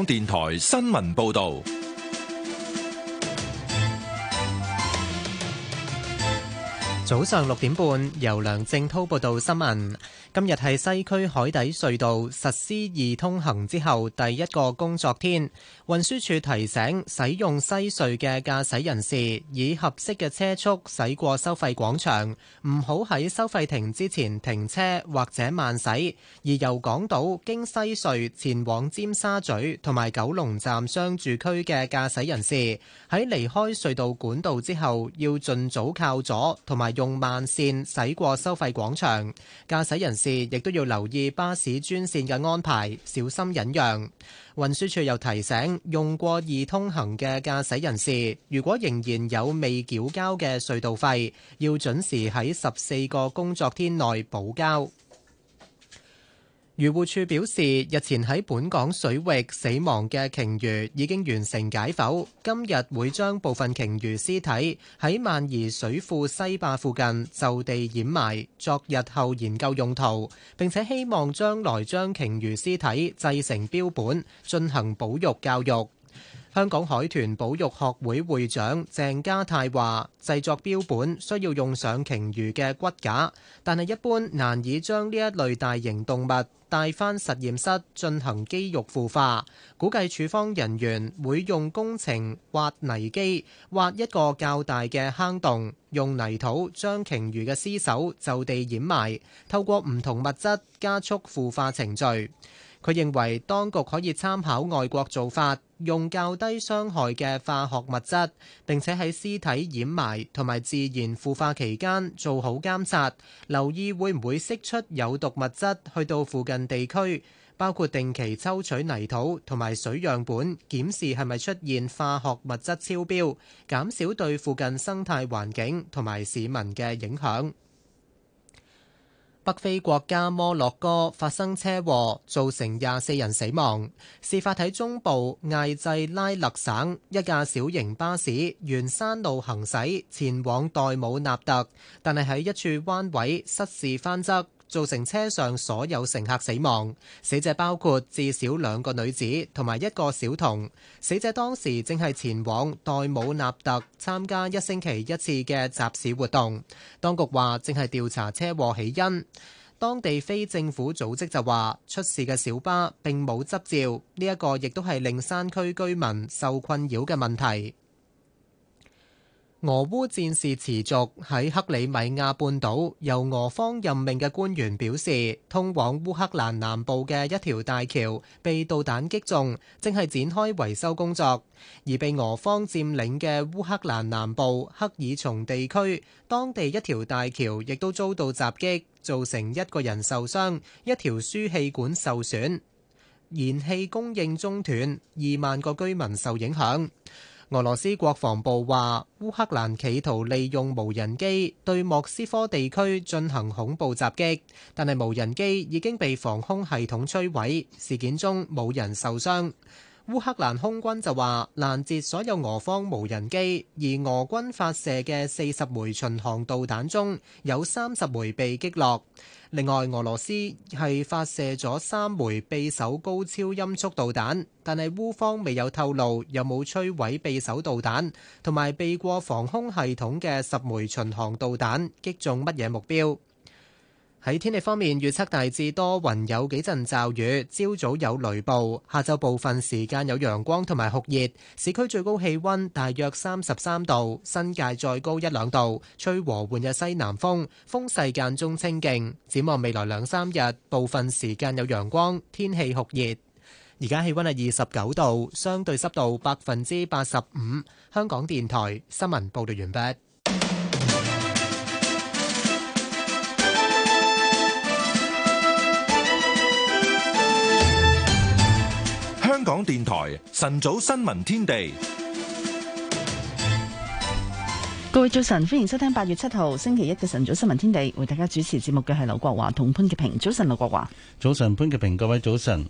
香港電台新聞報道。早上六點半，由梁正滔報道新聞。今日係西區海底隧道實施易通行之後第一個工作天。運輸署提醒使用西隧嘅駕駛人士，以合適嘅車速駛過收費廣場，唔好喺收費亭之前停車或者慢駛。而由港島經西隧前往尖沙咀同埋九龍站商住區嘅駕駛人士，喺離開隧道管道之後，要盡早靠左同埋，用慢線駛過收費廣場，駕駛人士亦都要留意巴士專線嘅安排，小心忍讓。運輸署又提醒，用過易通行嘅駕駛人士，如果仍然有未繳交嘅隧道費，要準時喺十四個工作天內補交。漁護處表示，日前喺本港水域死亡嘅鯨魚已經完成解剖，今日會將部分鯨魚屍體喺萬宜水庫西壩附近就地掩埋，作日後研究用途。並且希望將來將鯨魚屍體製成標本，進行保育教育。香港海豚保育學會會長鄭家泰話，製作標本需要用上鯨魚嘅骨架，但係一般難以將呢一類大型動物。帶返實驗室進行肌肉腐化，估計處方人員會用工程挖泥機挖一個較大嘅坑洞，用泥土將鯨魚嘅屍首就地掩埋，透過唔同物質加速腐化程序。佢認為當局可以參考外國做法，用較低傷害嘅化學物質，並且喺屍體掩埋同埋自然腐化期間做好監察，留意會唔會釋出有毒物質去到附近地區，包括定期抽取泥土同埋水樣本，檢視係咪出現化學物質超標，減少對附近生態環境同埋市民嘅影響。北非國家摩洛哥發生車禍，造成廿四人死亡。事發喺中部艾濟拉勒省，一架小型巴士沿山路行駛，前往代姆納特，但係喺一處彎位失事翻側。造成車上所有乘客死亡，死者包括至少兩個女子同埋一個小童。死者當時正係前往代姆納特參加一星期一次嘅集市活動，當局話正係調查車禍起因。當地非政府組織就話出事嘅小巴並冇執照，呢一個亦都係令山區居民受困擾嘅問題。俄烏戰事持續喺克里米亞半島，由俄方任命嘅官員表示，通往烏克蘭南部嘅一條大橋被導彈擊中，正係展開維修工作。而被俄方佔領嘅烏克蘭南部克爾松地區，當地一條大橋亦都遭到襲擊，造成一個人受傷，一條輸氣管受損，燃氣供應中斷，二萬個居民受影響。俄羅斯國防部話，烏克蘭企圖利用無人機對莫斯科地區進行恐怖襲擊，但係無人機已經被防空系統摧毀，事件中冇人受傷。烏克蘭空軍就話攔截所有俄方無人機，而俄軍發射嘅四十枚巡航導彈中有三十枚被擊落。另外，俄羅斯係發射咗三枚匕首高超音速導彈，但係烏方未有透露有冇摧毀匕首導彈，同埋避過防空系統嘅十枚巡航導彈擊中乜嘢目標。喺天氣方面預測大致多雲，雲有幾陣驟雨，朝早有雷暴，下晝部分時間有陽光同埋酷熱。市區最高氣溫大約三十三度，新界再高一兩度，吹和緩嘅西南風，風勢間中清勁。展望未來兩三日，部分時間有陽光，天氣酷熱。而家氣溫係二十九度，相對濕度百分之八十五。香港電台新聞報道完畢。香港電台晨早新聞天地，各位早晨，歡迎收聽八月七號星期一嘅晨早新聞天地，為大家主持節目嘅係劉國華同潘潔平。早晨，劉國華，早晨，潘潔平，各位早晨。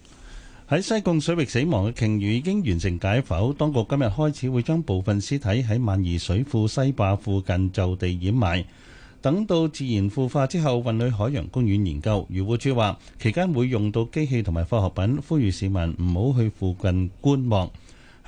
喺西貢水域死亡嘅鯨魚已經完成解剖，當局今日開始會將部分屍體喺萬宜水庫西壩附近就地掩埋。等到自然腐化之後，運去海洋公園研究。漁護處話，期間會用到機器同埋化學品，呼籲市民唔好去附近觀望。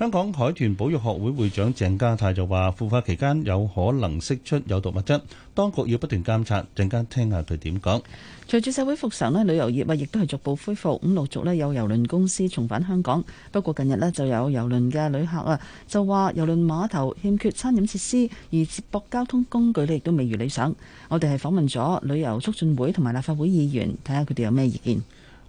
香港海豚保育學會會長鄭家泰就話：腐化期間有可能釋出有毒物質，當局要不斷監察。陣間聽下佢點講。隨住社會復常咧，旅遊業啊亦都係逐步恢復，咁陸續咧有郵輪公司重返香港。不過近日咧就有郵輪嘅旅客啊就話郵輪碼頭欠缺餐飲設施，而接駁交通工具咧亦都未如理想。我哋係訪問咗旅遊促進會同埋立法會議員，睇下佢哋有咩意見。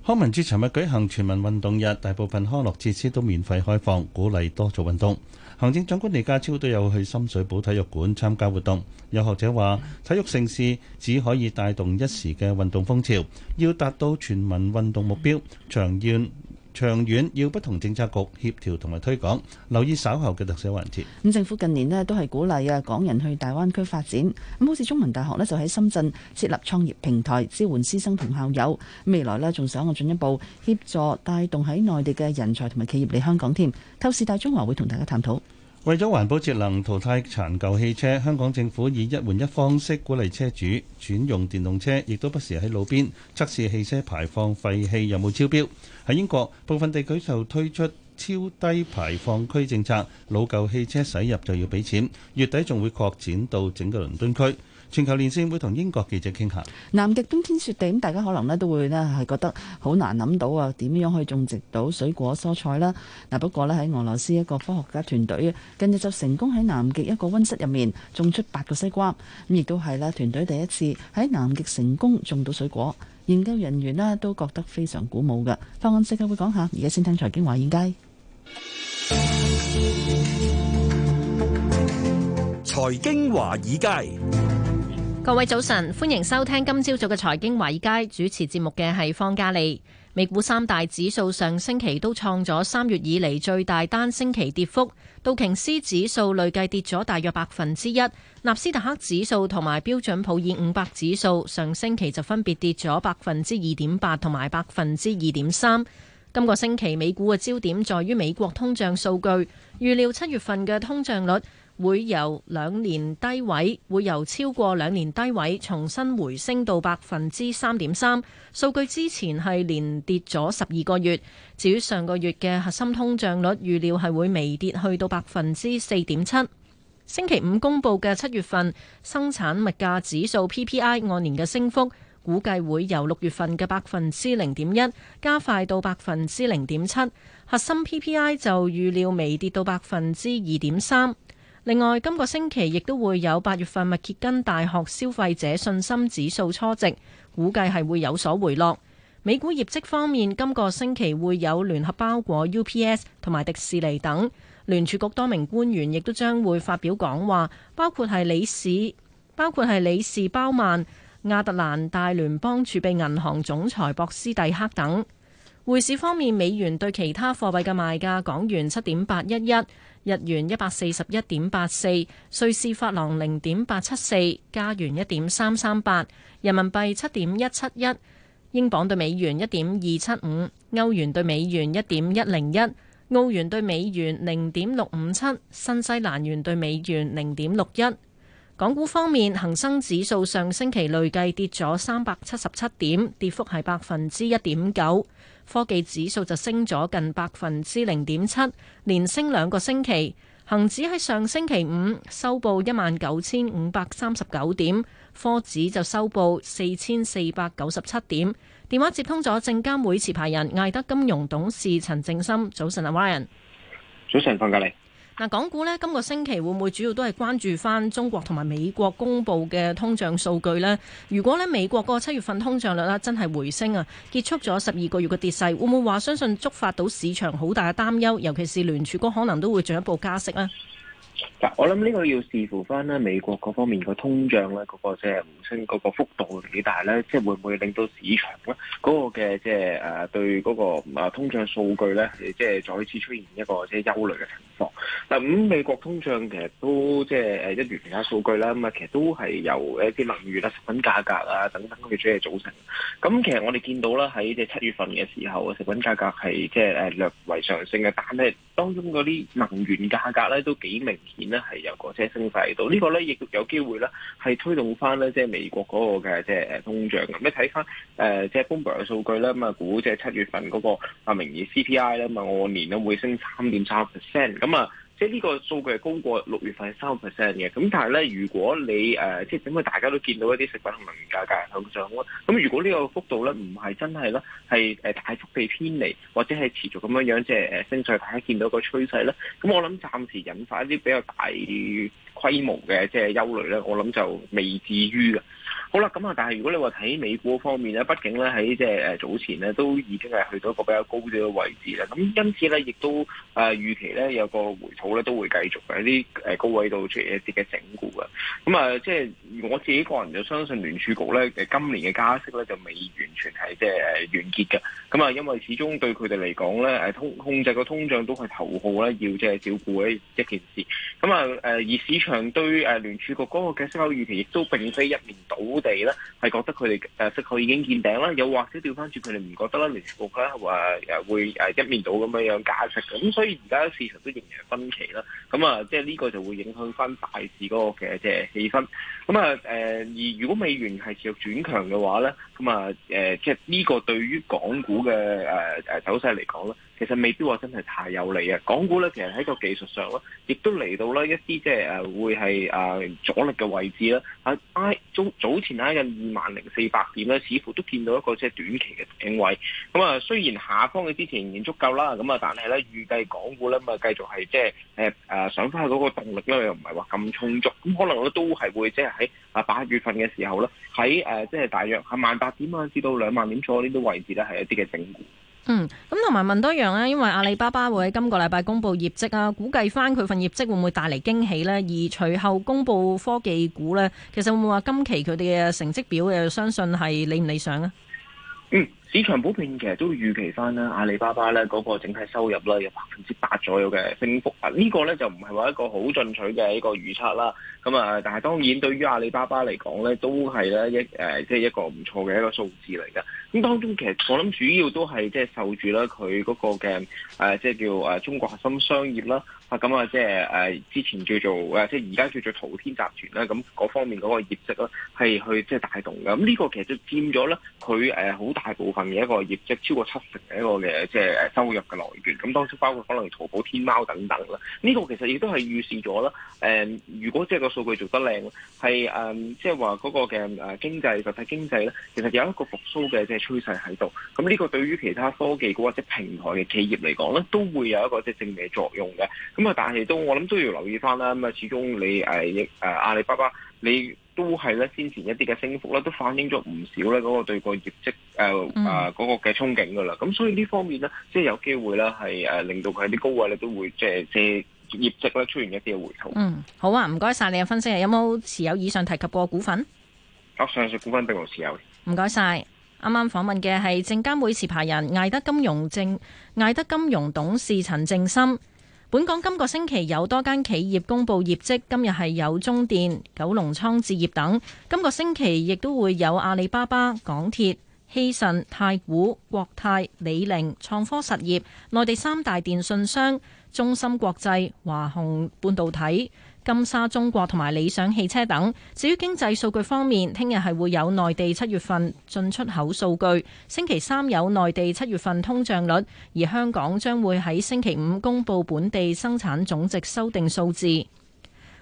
康文署尋日舉行全民運動日，大部分康樂設施都免費開放，鼓勵多做運動。行政長官李家超都有去深水埗體育館參加活動。有學者話，體育盛事只可以帶動一時嘅運動風潮，要達到全民運動目標，長遠。長遠要不同政策局協調同埋推廣，留意稍後嘅特寫環節。咁政府近年咧都係鼓勵啊，港人去大灣區發展。咁好似中文大學咧就喺深圳設立創業平台，支援師生同校友。咁未來咧仲想我進一步協助帶動喺內地嘅人才同埋企業嚟香港添。透視大中華會同大家探討。為咗環保節能，淘汰殘舊汽車，香港政府以一換一方式鼓勵車主轉用電動車，亦都不時喺路邊測試汽車排放廢氣有冇超標。喺英國部分地區就推出超低排放區政策，老舊汽車駛入就要俾錢，月底仲會擴展到整個倫敦區。全球連線會同英國記者傾下。南極冰天雪地，大家可能咧都會咧係覺得好難諗到啊，點樣可以種植到水果蔬菜啦。嗱不過咧喺俄羅斯一個科學家團隊，近日就成功喺南極一個溫室入面種出八個西瓜，咁亦都係啦，團隊第一次喺南極成功種到水果。研究人員啦都覺得非常鼓舞㗎，方安石會講下，而家先聽財經華爾街。財經華爾街，各位早晨，歡迎收聽今朝早嘅財經華爾街，主持節目嘅係方嘉利。美股三大指數上星期都創咗三月以嚟，最大單星期跌幅。道瓊斯指數累計跌咗大約百分之一，納斯達克指數同埋標準普爾五百指數上星期就分別跌咗百分之二點八同埋百分之二點三。今個星期美股嘅焦點在於美國通脹數據，預料七月份嘅通脹率。會由兩年低位，會由超過兩年低位重新回升到百分之三點三。數據之前係連跌咗十二個月。至於上個月嘅核心通脹率，預料係會微跌去到百分之四點七。星期五公布嘅七月份生產物價指數 PPI 按年嘅升幅，估計會由六月份嘅百分之零點一加快到百分之零點七。核心 PPI 就預料微跌到百分之二點三。另外，今個星期亦都會有八月份密歇根大學消費者信心指數初值，估計係會有所回落。美股業績方面，今個星期會有聯合包裹、UPS 同埋迪士尼等。聯儲局多名官員亦都將會發表講話，包括係理事包括係理事包曼、亞特蘭大聯邦儲備銀行總裁博斯蒂克等。匯市方面，美元對其他貨幣嘅賣價：港元七點八一一，日元一百四十一點八四，瑞士法郎零點八七四，加元一點三三八，人民幣七點一七一，英鎊對美元一點二七五，歐元對美元一點一零一，澳元對美元零點六五七，新西蘭元對美元零點六一。港股方面，恒生指數上星期累計跌咗三百七十七點，跌幅係百分之一點九。科技指數就升咗近百分之零點七，連升兩個星期。恒指喺上星期五收報一萬九千五百三十九點，科指就收報四千四百九十七點。電話接通咗證監會持牌人艾德金融董事陳正森，早晨，阿 Ryan 早晨，歡迎你。嗱，港股咧今個星期會唔會主要都係關注翻中國同埋美國公布嘅通脹數據呢？如果咧美國個七月份通脹率啦真係回升啊，結束咗十二個月嘅跌勢，會唔會話相信觸發到市場好大嘅擔憂？尤其是聯儲局可能都會進一步加息呢？嗱，我諗呢個要視乎翻咧美國各方面個通脹咧嗰個即係上升嗰個幅度幾大咧，即係會唔會令到市場咧嗰個嘅即係誒對嗰個啊通脹數據咧，即係再次出現一個即係憂慮嘅情況。嗱，咁美國通脹其實都即係誒一連串數據啦，咁啊其實都係由一啲能源啦、食品價格啊等等嘅主要組成。咁其實我哋見到啦喺即係七月份嘅時候啊，食品價格係即係誒略為上升嘅，但係當中嗰啲能源價格咧都幾明顯。然咧係有嗰些升勢喺度，這個、呢個咧亦都有機會咧係推動翻咧即係美國嗰、那個嘅即係誒通脹，咁你睇翻誒即係 Bomber 嘅數據咧，咁啊估即係七月份嗰、那個啊名義 CPI 咧，咁啊按年都會升三點三 percent 咁啊。即係呢個數據係高過六月份三個 percent 嘅，咁但係咧，如果你誒、呃，即係點解大家都見到一啲食品同能源價格向上，咁如果呢個幅度咧唔係真係啦，係誒、呃、大幅地偏離，或者係持續咁樣樣即係誒升上，呃、大家見到個趨勢咧，咁、嗯、我諗暫時引發一啲比較大規模嘅即係憂慮咧，我諗就未至於嘅。好啦，咁啊，但係如果你話睇美股方面咧，畢竟咧喺即係誒早前咧都已經係去到一個比較高啲嘅位置啦。咁因此咧，亦都誒預期咧有個回吐咧都會繼續喺啲誒高位度出現一啲嘅整固嘅。咁、嗯、啊，即係我自己個人就相信聯儲局咧嘅今年嘅加息咧就未完全係即係誒完結嘅。咁啊，因為始終對佢哋嚟講咧誒通控制個通脹都係頭號咧，要即係照顧一一件事。咁啊誒，而市場對誒聯儲局嗰個嘅升息預期亦都並非一面倒。地咧係覺得佢哋誒息口已經見頂啦，又或者調翻轉佢哋唔覺得啦，聯儲局咧話誒會誒一面倒咁樣樣加息嘅，咁所以而家市場都仍然係分歧啦。咁啊，即係呢個就會影響翻大市嗰個嘅即係氣氛。咁啊誒，而如果美元係持續轉強嘅話咧，咁啊誒，即係呢個對於港股嘅誒誒走勢嚟講咧，其實未必話真係太有利啊，港股咧其實喺個技術上咧，亦都嚟到咧一啲即係誒會係誒阻力嘅位置啦。啊，I 早早前喺近二萬零四百點咧，似乎都見到一個即係短期嘅定位。咁、嗯、啊，雖然下方嘅支持仍然足夠啦，咁啊，但係咧預計港股咧咁啊繼續係即係誒誒上翻去嗰個動力咧又唔係話咁充足，咁、嗯、可能我都係會即係喺啊八月份嘅時候咧，喺誒即係大約係萬八點啊至到兩萬點左右呢啲位置咧係一啲嘅整。嗯，咁同埋問多一樣咧，因為阿里巴巴會喺今個禮拜公布業績啊，估計翻佢份業績會唔會帶嚟驚喜呢？而隨後公布科技股呢，其實會唔會話今期佢哋嘅成績表嘅相信係理唔理想啊？嗯。市場普遍其實都預期翻咧阿里巴巴咧嗰、那個整體收入咧有百分之八左右嘅升幅啊！呢、這個咧就唔係話一個好進取嘅一個預測啦。咁啊，但係當然對於阿里巴巴嚟講咧，都係咧一誒、呃、即係一個唔錯嘅一個數字嚟嘅。咁、啊、當中其實我諗主要都係、啊、即係受住咧佢嗰個嘅誒即係叫誒中國核心商業啦啊咁啊即係誒、啊、之前叫做誒、啊、即係而家叫做淘天集團啦咁嗰方面嗰個業績啦係去即係帶動嘅。咁、啊、呢、這個其實就佔咗咧佢誒好大部分。一個業績超過七成嘅一個嘅即係誒收入嘅來源，咁當中包括可能淘寶、天貓等等啦。呢個其實亦都係預示咗啦。誒、呃，如果即係個數據做得靚，係誒即係話嗰個嘅誒經濟實體經濟咧，其實有一個復甦嘅即係趨勢喺度。咁呢個對於其他科技股或者平台嘅企業嚟講咧，都會有一個即係正面作用嘅。咁啊，但係都我諗都要留意返啦。咁啊，始終你誒誒、啊啊、阿里巴巴你。都係咧，先前一啲嘅升幅咧，都反映咗唔少咧嗰個對個業績誒、呃嗯、啊嗰、那個嘅憧憬噶啦。咁所以呢方面呢，即係有機會咧，係、啊、誒令到佢喺啲高位咧都會即係借，借業績咧出現一啲嘅回吐。嗯，好啊，唔該晒你嘅分析啊。有冇持有以上提及過股份？我、啊、上述股份並無持有。唔該晒。啱啱訪問嘅係證監會持牌人艾德金融正艾德金融董事陳正深。本港今個星期有多間企業公佈業績，今日係有中電、九龍倉置業等。今個星期亦都會有阿里巴巴、港鐵、希慎、太古、國泰、李寧、創科實業、內地三大電訊商、中芯國際、華虹半導體、金沙中國同埋理想汽車等。至於經濟數據方面，聽日係會有內地七月份進出口數據，星期三有內地七月份通脹率，而香港將會喺星期五公布本地生產總值修訂數字。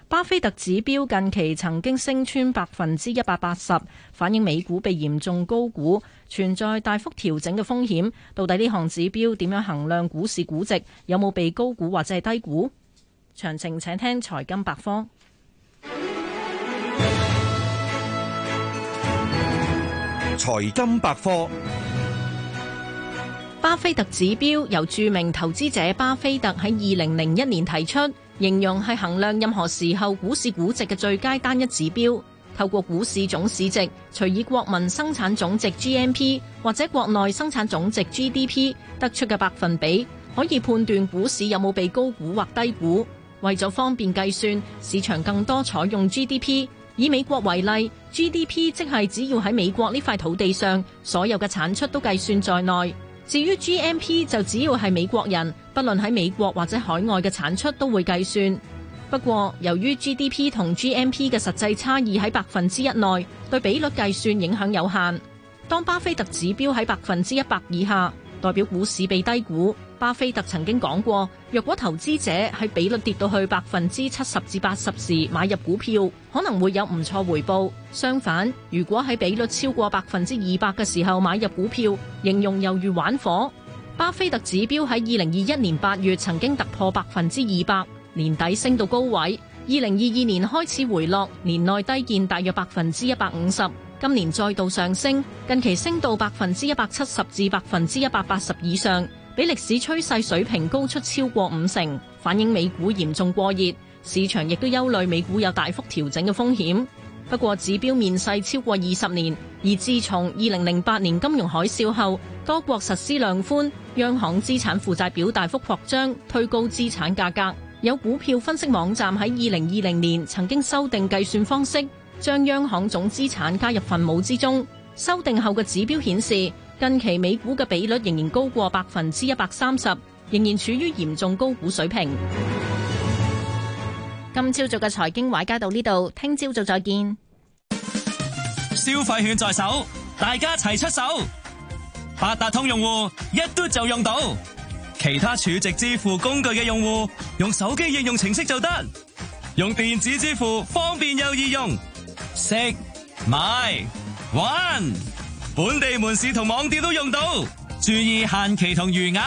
巴菲特指標近期曾經升穿百分之一百八十，反映美股被嚴重高估，存在大幅調整嘅風險。到底呢項指標點樣衡量股市估值？有冇被高估或者係低估？詳情，請聽《財經百科》。財經百科，巴菲特指標由著名投資者巴菲特喺二零零一年提出，形容係衡量任何時候股市估值嘅最佳單一指標。透過股市總市值除以國民生產總值 GMP 或者國內生產總值 GDP 得出嘅百分比，可以判斷股市有冇被高估或低估。為咗方便計算，市場更多採用 GDP。以美國為例，GDP 即係只要喺美國呢塊土地上所有嘅產出都計算在內。至於 GMP 就只要係美國人，不論喺美國或者海外嘅產出都會計算。不過由於 GDP 同 GMP 嘅實際差異喺百分之一內，對比率計算影響有限。當巴菲特指標喺百分之一百以下，代表股市被低估。巴菲特曾經講過，若果投資者喺比率跌到去百分之七十至八十時買入股票，可能會有唔錯回報。相反，如果喺比率超過百分之二百嘅時候買入股票，形容猶如玩火。巴菲特指標喺二零二一年八月曾經突破百分之二百，年底升到高位。二零二二年開始回落，年內低見大約百分之一百五十。今年再度上升，近期升到百分之一百七十至百分之一百八十以上。比歷史趨勢水平高出超過五成，反映美股嚴重過熱，市場亦都憂慮美股有大幅調整嘅風險。不過指標面世超過二十年，而自從二零零八年金融海嘯後，多國實施量寬，央行資產負債表大幅擴張，推高資產價格。有股票分析網站喺二零二零年曾經修訂計算方式，將央行總資產加入分母之中。修訂後嘅指標顯示。近期美股嘅比率仍然高過百分之一百三十，仍然處於嚴重高估水平。 今朝早嘅財經話家到呢度，聽朝早就再見。消費券在手，大家齊出手。八達通用戶一嘟就用到，其他儲值支付工具嘅用戶，用手機應用程式就得。用電子支付方便又易用，食、買、玩。本地門市同網店都用到，注意限期同餘額，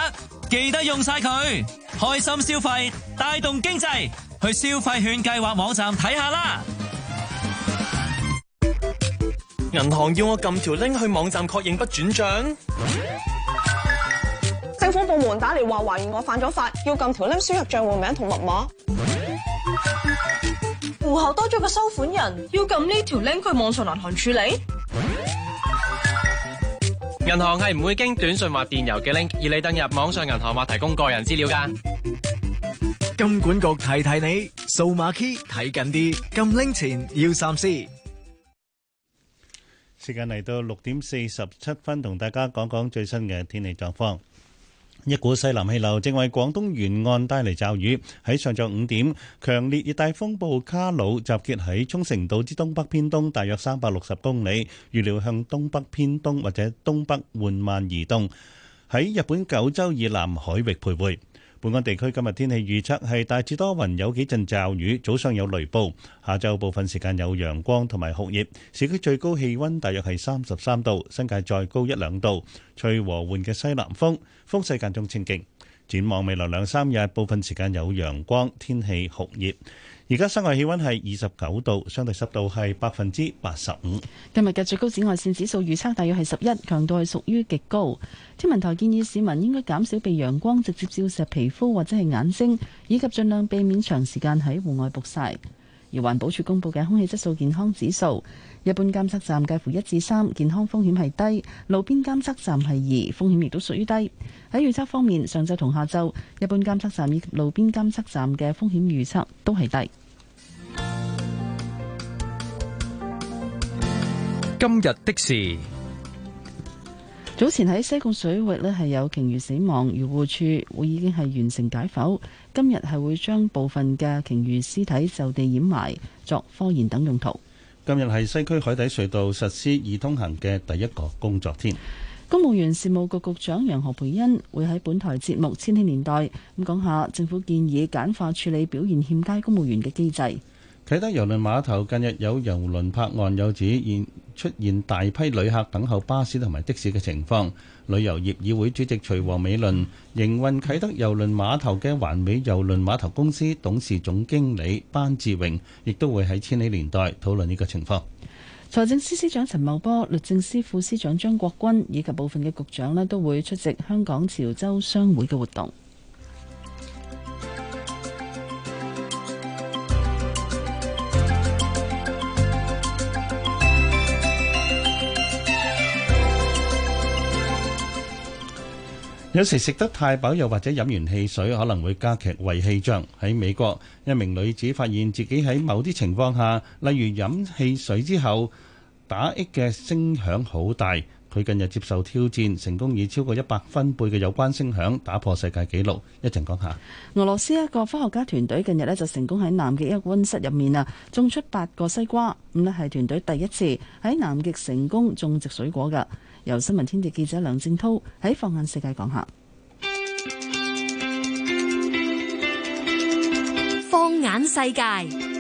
記得用晒佢，開心消費，帶動經濟，去消費券計劃網站睇下啦。銀行要我撳條 link 去網站確認不轉賬。政府部門打嚟話懷疑我犯咗法，要撳條 link 輸入賬戶名同密碼。戶口多咗個收款人，要撳呢條 link 去網上銀行處理。銀行係唔會經短信或電郵嘅 link，而你登入網上銀行或提供個人資料㗎。金管局提提你，數碼 key 睇緊啲，撳 link 前要三思。時間嚟到六點四十七分，同大家講講最新嘅天氣狀況。一股西南氣流正為廣東沿岸帶嚟驟雨。喺上晝五點，強烈熱帶風暴卡努集結喺沖繩島之東北偏東，大約三百六十公里，預料向東北偏東或者東北緩慢移動，喺日本九州以南海域徘徊。本港地區今日天，天氣預測係大致多雲，有幾陣驟雨，早上有雷暴，下晝部分時間有陽光同埋酷熱。市區最高氣溫大約係三十三度，新界再高一兩度。吹和緩嘅西南風，風勢間中清勁。展望未來兩三日，部分時間有陽光，天氣酷熱。而家室外氣溫係二十九度，相對濕度係百分之八十五。今日嘅最高紫外線指數預測大約係十一，強度係屬於極高。天文台建議市民應該減少被陽光直接照射皮膚或者係眼睛，以及盡量避免長時間喺戶外曝曬。而環保署公布嘅空氣質素健康指數，一般監測站介乎一至三，健康風險係低；路邊監測站係二，風險亦都屬於低。喺預測方面，上晝同下晝一般監測站以及路邊監測站嘅風險預測都係低。今日的事，早前喺西貢水域呢係有鯨魚死亡，漁護處會已經係完成解剖，今日係會將部分嘅鯨魚屍體就地掩埋作科研等用途。今日係西區海底隧道實施易通行嘅第一個工作天。公務員事務局局長楊何培恩會喺本台節目《千禧年代》咁講下政府建議簡化處理表現欠佳公務員嘅機制。啟德郵輪碼頭近日有郵輪泊岸有，又指現出現大批旅客等候巴士同埋的士嘅情況。旅遊業議會主席徐王美倫，營運啟德郵輪碼頭嘅環美郵輪碼頭公司董事總經理班志榮，亦都會喺千禧年代討論呢個情況。財政司司長陳茂波，律政司副司長張國鈞以及部分嘅局長咧都會出席香港潮州商會嘅活動。有時食得太飽，又或者飲完汽水，可能會加劇胃氣脹。喺美國，一名女子發現自己喺某啲情況下，例如飲汽水之後，打嗝嘅聲響好大。佢近日接受挑戰，成功以超過一百分貝嘅有關聲響打破世界紀錄。一陣講下。俄羅斯一個科學家團隊近日呢就成功喺南極一個溫室入面啊種出八個西瓜。咁呢係團隊第一次喺南極成功種植水果㗎。由新聞天地記者梁正濤喺放眼世界講下，放眼世界。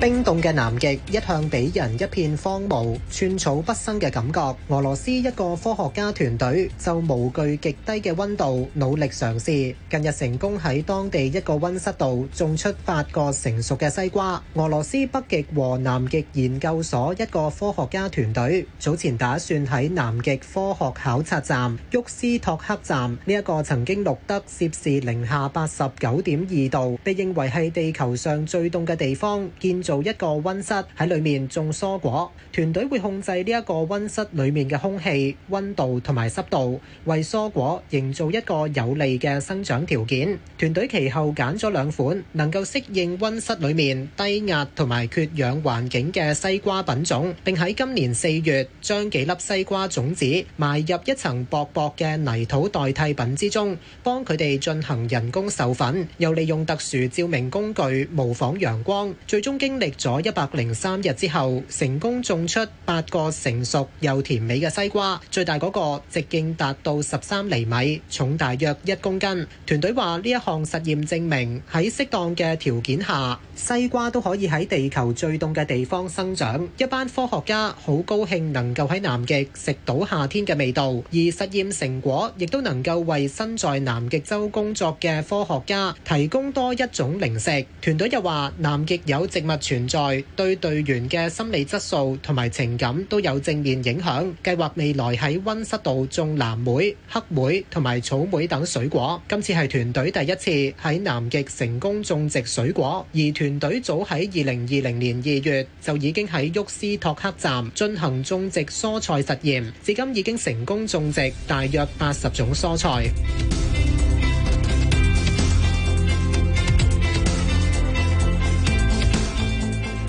冰凍嘅南極一向俾人一片荒蕪、寸草不生嘅感覺。俄羅斯一個科學家團隊就無懼極低嘅溫度，努力嘗試。近日成功喺當地一個溫室度種出八個成熟嘅西瓜。俄羅斯北極和南極研究所一個科學家團隊早前打算喺南極科學考察站沃斯托克站呢一個曾經錄得攝氏零下八十九點二度、被認為係地球上最凍嘅地方建造。做一個溫室喺裏面種蔬果，團隊會控制呢一個溫室裏面嘅空氣溫度同埋濕度，為蔬果營造一個有利嘅生長條件。團隊其後揀咗兩款能夠適應溫室裏面低壓同埋缺氧環境嘅西瓜品種，並喺今年四月將幾粒西瓜種子埋入一層薄薄嘅泥土代替品之中，幫佢哋進行人工授粉，又利用特殊照明工具模仿陽光，最終經經歷咗一百零三日之後，成功種出八個成熟又甜美嘅西瓜，最大嗰個直徑達到十三厘米，重大約一公斤。團隊話呢一項實驗證明喺適當嘅條件下，西瓜都可以喺地球最凍嘅地方生長。一班科學家好高興能夠喺南極食到夏天嘅味道，而實驗成果亦都能夠為身在南極洲工作嘅科學家提供多一種零食。團隊又話，南極有植物存在對隊員嘅心理質素同埋情感都有正面影響，計劃未來喺温室度種藍莓、黑莓同埋草莓等水果。今次係團隊第一次喺南極成功種植水果，而團隊早喺二零二零年二月就已經喺沃斯托克站進行種植蔬菜實驗，至今已經成功種植大約八十種蔬菜。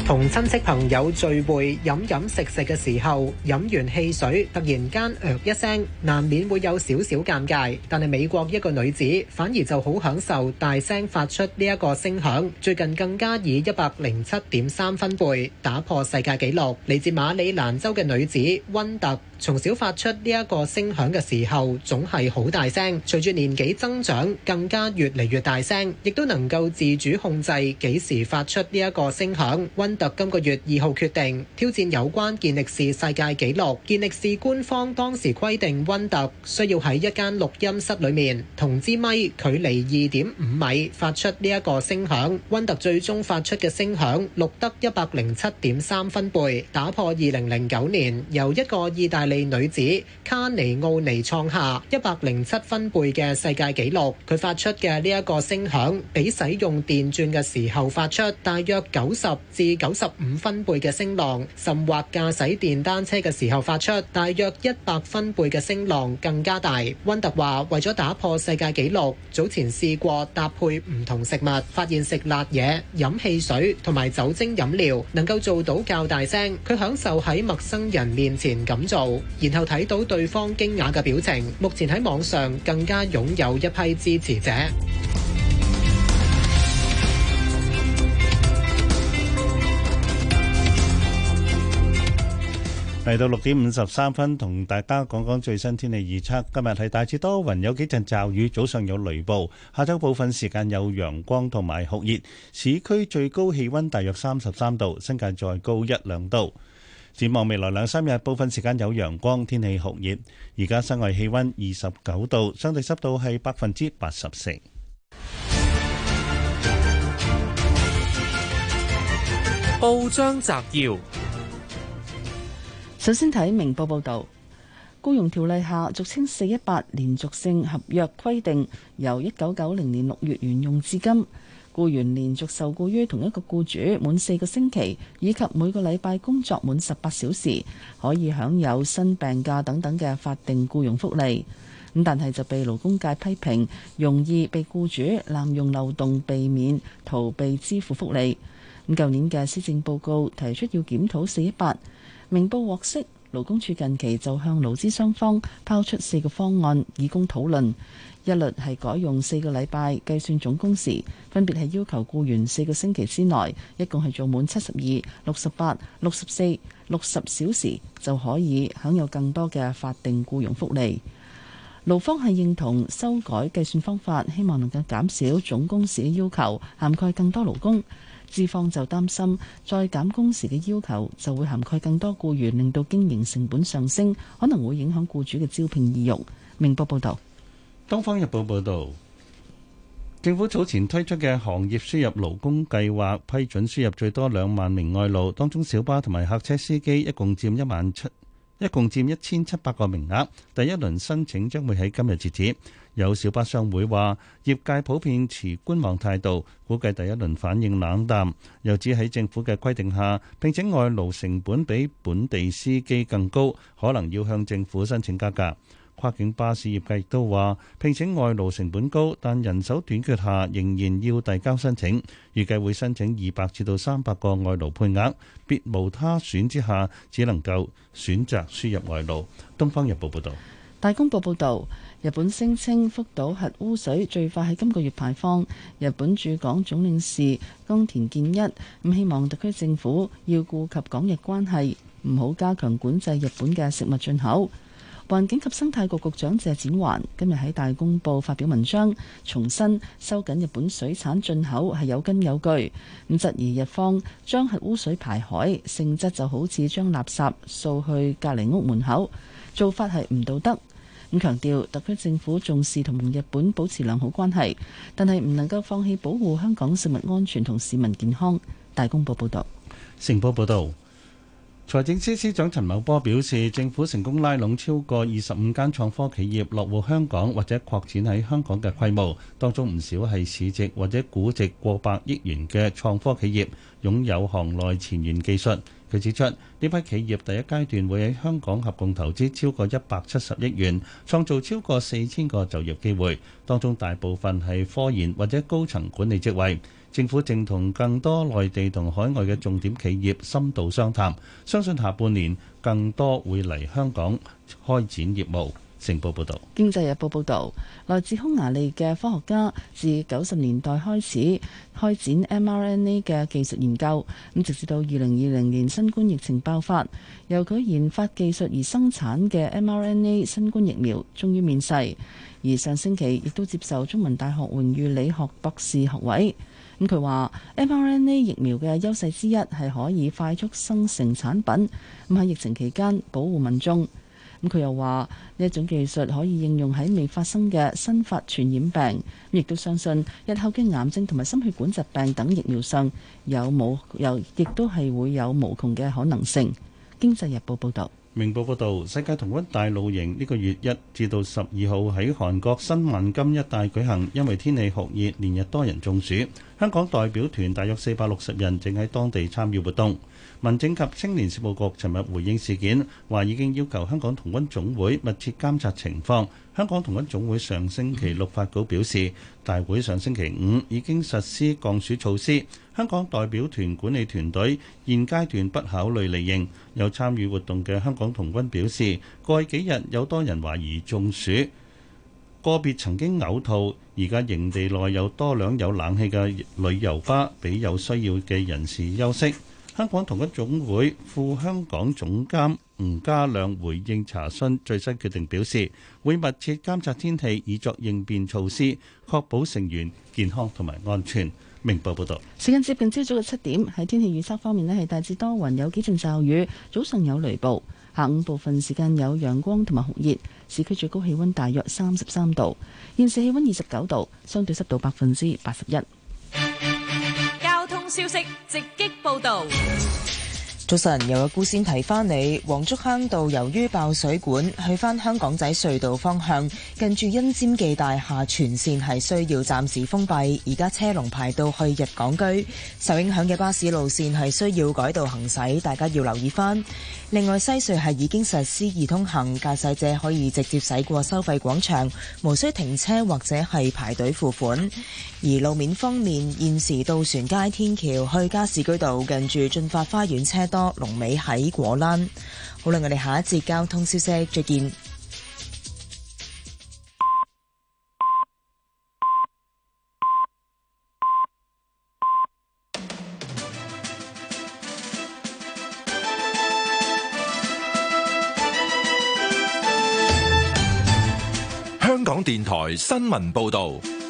同親戚朋友聚會飲飲食食嘅時候，飲完汽水突然間「呃」一聲，難免會有少少尷尬。但係美國一個女子反而就好享受大聲發出呢一個聲響，最近更加以一百零七點三分貝打破世界紀錄。嚟自馬里蘭州嘅女子温特。從小發出呢一個聲響嘅時候，總係好大聲。隨住年紀增長，更加越嚟越大聲，亦都能夠自主控制幾時發出呢一個聲響。温特今個月二號決定挑戰有關健力士世界紀錄。健力士官方當時規定，温特需要喺一間錄音室裏面，同支咪距離二點五米發出呢一個聲響。温特最終發出嘅聲響錄得一百零七點三分貝，打破二零零九年由一個意大利女子卡尼奧尼創下一百零七分貝嘅世界紀錄，佢發出嘅呢一個聲響，比使用電鑽嘅時候發出大約九十至九十五分貝嘅聲浪，甚或駕駛電單車嘅時候發出大約一百分貝嘅聲浪更加大。溫特話：為咗打破世界紀錄，早前試過搭配唔同食物，發現食辣嘢、飲汽水同埋酒精飲料能夠做到較大聲。佢享受喺陌生人面前咁做。然後睇到對方驚訝嘅表情，目前喺網上更加擁有一批支持者。嚟到六點五十三分，同大家講講最新天氣預測。今日係大致多雲，有幾陣驟雨，早上有雷暴，下晝部分時間有陽光同埋酷熱。市區最高氣溫大約三十三度，新界再高一兩度。展望未來兩三日，部分時間有陽光，天氣酷熱。而家室外氣温二十九度，相對濕度係百分之八十四。報章摘要，首先睇明報報道，雇傭條例下俗稱四一八連續性合約規定，由一九九零年六月沿用至今。雇員連續受雇於同一個雇主滿四個星期，以及每個禮拜工作滿十八小時，可以享有新病假等等嘅法定雇傭福利。咁但係就被勞工界批評，容易被雇主濫用漏洞，避免逃避支付福利。咁舊年嘅施政報告提出要檢討四一八，明報獲悉勞工處近期就向勞資雙方拋出四個方案，以供討論。一律係改用四個禮拜計算總工時，分別係要求僱員四個星期之內，一共係做滿七十二、六十八、六十四、六十小時，就可以享有更多嘅法定僱傭福利。勞方係認同修改計算方法，希望能夠減少總工時嘅要求，涵蓋更多勞工。資方就擔心再減工時嘅要求就會涵蓋更多僱員，令到經營成本上升，可能會影響僱主嘅招聘意欲。明報報道。《東方日報》報道，政府早前推出嘅行業輸入勞工計劃，批准輸入最多兩萬名外勞，當中小巴同埋客車司機一共佔一萬七，一共佔一千七百個名額。第一輪申請將會喺今日截止。有小巴商會話，業界普遍持觀望態度，估計第一輪反應冷淡。又指喺政府嘅規定下，聘請外勞成本比本地司機更高，可能要向政府申請加價。跨境巴士業界亦都話，聘請外勞成本高，但人手短缺下仍然要遞交申請，預計會申請二百至到三百個外勞配額，別無他選之下，只能夠選擇輸入外勞。《東方日報》報道，《大公報》報道，日本聲稱福島核污水最快喺今個月排放。日本駐港總領事岡田健一咁希望特區政府要顧及港日關係，唔好加強管制日本嘅食物進口。環境及生態局局長謝展環今日喺大公報發表文章，重申收緊日本水產進口係有根有據。咁質疑日方將核污水排海性質就好似將垃圾掃去隔籬屋門口，做法係唔道德。咁強調特區政府重視同日本保持良好關係，但係唔能夠放棄保護香港食物安全同市民健康。大公報報道，成報報道。財政司司長陳茂波表示，政府成功拉攏超過二十五間創科企業落戶香港或者擴展喺香港嘅規模，當中唔少係市值或者估值過百億元嘅創科企業，擁有行內前沿技術。佢指出，呢批企業第一階段會喺香港合共投資超過一百七十億元，創造超過四千個就業機會，當中大部分係科研或者高層管理職位。政府正同更多內地同海外嘅重點企業深度商談，相信下半年更多會嚟香港開展業務。成報報道，《經濟日報》報道，報報道來自匈牙利嘅科學家自九十年代開始開展 mRNA 嘅技術研究，咁直至到二零二零年新冠疫情爆發，由佢研發技術而生產嘅 mRNA 新冠疫苗終於面世，而上星期亦都接受中文大學榮譽理學博士學位。咁佢話 mRNA 疫苗嘅優勢之一係可以快速生成產品，咁喺疫情期間保護民眾。咁佢又話呢一種技術可以應用喺未發生嘅新發傳染病，亦都相信日後嘅癌症同埋心血管疾病等疫苗上有冇有，亦都係會有無窮嘅可能性。經濟日報報導。明報報道：世界同溫大露營呢、這個月一至到十二號喺韓國新萬金一帶舉行，因為天氣酷熱，連日多人中暑。香港代表團大約四百六十人，正喺當地參與活動。民政及青年事務局尋日回應事件，話已經要求香港童軍總會密切監察情況。香港童軍總會上星期六發稿表示，大會上星期五已經實施降暑措施。香港代表團管理團隊現階段不考慮離營。有參與活動嘅香港童軍表示，過去幾日有多人懷疑中暑，個別曾經嘔吐，而家營地內有多輛有冷氣嘅旅遊巴，俾有需要嘅人士休息。香港童軍總會副香港總監吳家亮回應查詢最新決定，表示會密切監察天氣，以作應變措施，確保成員健康同埋安全。明報報道，時間接近朝早嘅七點。喺天氣預測方面咧，係大致多雲，有幾陣驟雨，早上有雷暴，下午部分時間有陽光同埋酷熱，市區最高氣溫大約三十三度，現時氣溫二十九度，相對濕度百分之八十一。消息直擊報道，早晨，又有姑先提翻你，黃竹坑道由於爆水管，去返香港仔隧道方向，近住恩尖記大廈，全線係需要暫時封閉，而家車龍排到去日港居，受影響嘅巴士路線係需要改道行駛，大家要留意翻。另外，西隧係已經實施易通行，駕駛者可以直接駛過收費廣場，無需停車或者係排隊付款。而路面方面，現時渡船街天橋去加士居道，近住進發花園車多，龍尾喺果欄。好啦，我哋下一節交通消息，再見。香港電台新聞報導。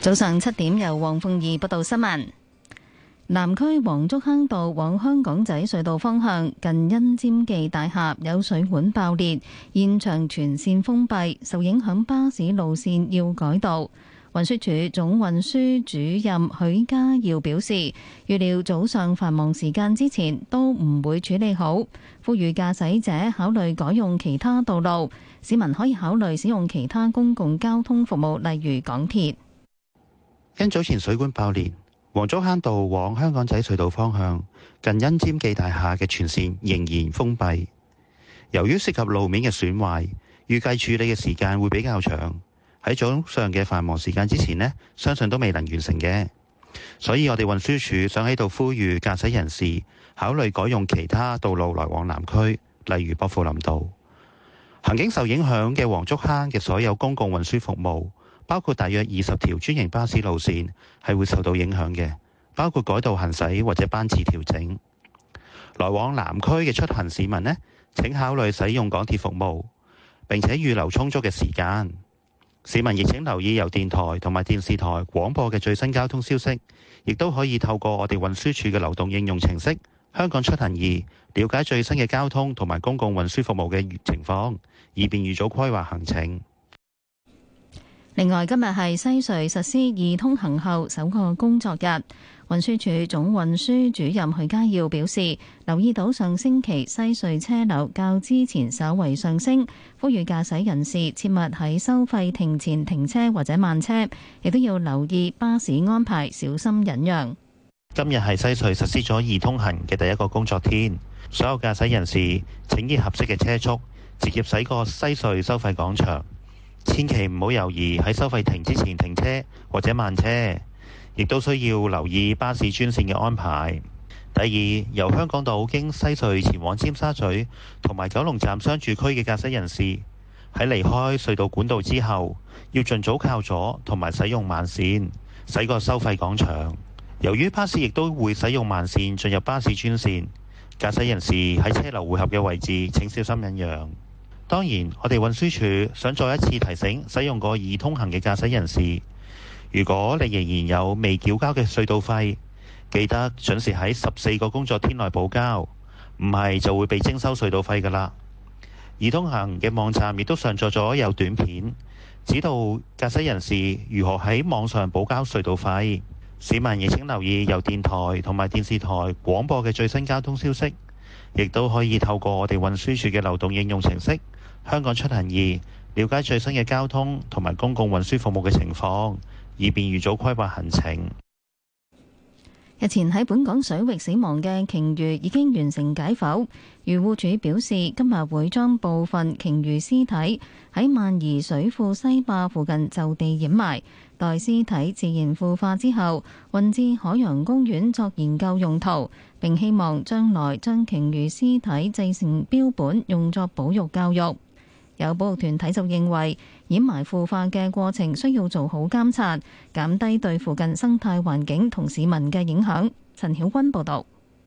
早上七點，由黃鳳儀報道新聞。南區黃竹坑道往香港仔隧道方向，近恩尖記大廈有水管爆裂，現場全綫封閉，受影響巴士路綫要改道。運輸署總運輸主任許家耀表示，預料早上繁忙時間之前都唔會處理好，呼籲駕駛者考慮改用其他道路。市民可以考慮使用其他公共交通服務，例如港鐵。因早前水管爆裂，黃竹坑道往香港仔隧道方向近恩尖記大廈嘅全線仍然封閉。由於涉及路面嘅損壞，預計處理嘅時間會比較長。喺早上嘅繁忙時間之前咧，相信都未能完成嘅。所以我哋運輸署想喺度呼籲駕駛人士考慮改用其他道路來往南區，例如薄扶林道。行經受影響嘅黃竹坑嘅所有公共運輸服務。包括大約二十條專營巴士路線係會受到影響嘅，包括改道行駛或者班次調整。來往南區嘅出行市民呢，請考慮使用港鐵服務，並且預留充足嘅時間。市民亦請留意由電台同埋電視台廣播嘅最新交通消息，亦都可以透過我哋運輸署嘅流動應用程式《香港出行易》了解最新嘅交通同埋公共運輸服務嘅情況，以便預早規劃行程。另外，今日係西隧實施易通行後首個工作日，運輸署總運輸主任許家耀表示，留意到上星期西隧車流較之前稍為上升，呼籲駕駛人士切勿喺收費亭前停車或者慢車，亦都要留意巴士安排，小心忍讓。今日係西隧實施咗易通行嘅第一個工作天，所有駕駛人士請以合適嘅車速直接駛過西隧收費廣場。千祈唔好猶豫喺收費亭之前停車或者慢車，亦都需要留意巴士專線嘅安排。第二，由香港島經西隧前往尖沙咀同埋九龍站商住區嘅駕駛人士，喺離開隧道管道之後，要儘早靠左同埋使用慢線，駛過收費廣場。由於巴士亦都會使用慢線進入巴士專線，駕駛人士喺車流匯合嘅位置請小心忍讓。當然，我哋運輸署想再一次提醒使用過易通行嘅駕駛人士，如果你仍然有未繳交嘅隧道費，記得準時喺十四個工作天內補交，唔係就會被徵收隧道費㗎喇。易通行嘅網站亦都上載咗有短片，指導駕駛人士如何喺網上補交隧道費。市民亦請留意由電台同埋電視台廣播嘅最新交通消息，亦都可以透過我哋運輸署嘅流動應用程式。香港出行二，了解最新嘅交通同埋公共運輸服務嘅情況，以便預早規劃行程。日前喺本港水域死亡嘅鯨魚已經完成解剖，漁護署表示，今日會將部分鯨魚屍體喺萬宜水庫西壩附近就地掩埋，待屍體自然腐化之後，運至海洋公園作研究用途。並希望將來將鯨魚屍體製成標本，用作保育教育。有保育團體就認為，掩埋腐化嘅過程需要做好監察，減低對附近生態環境同市民嘅影響。陳曉君報導。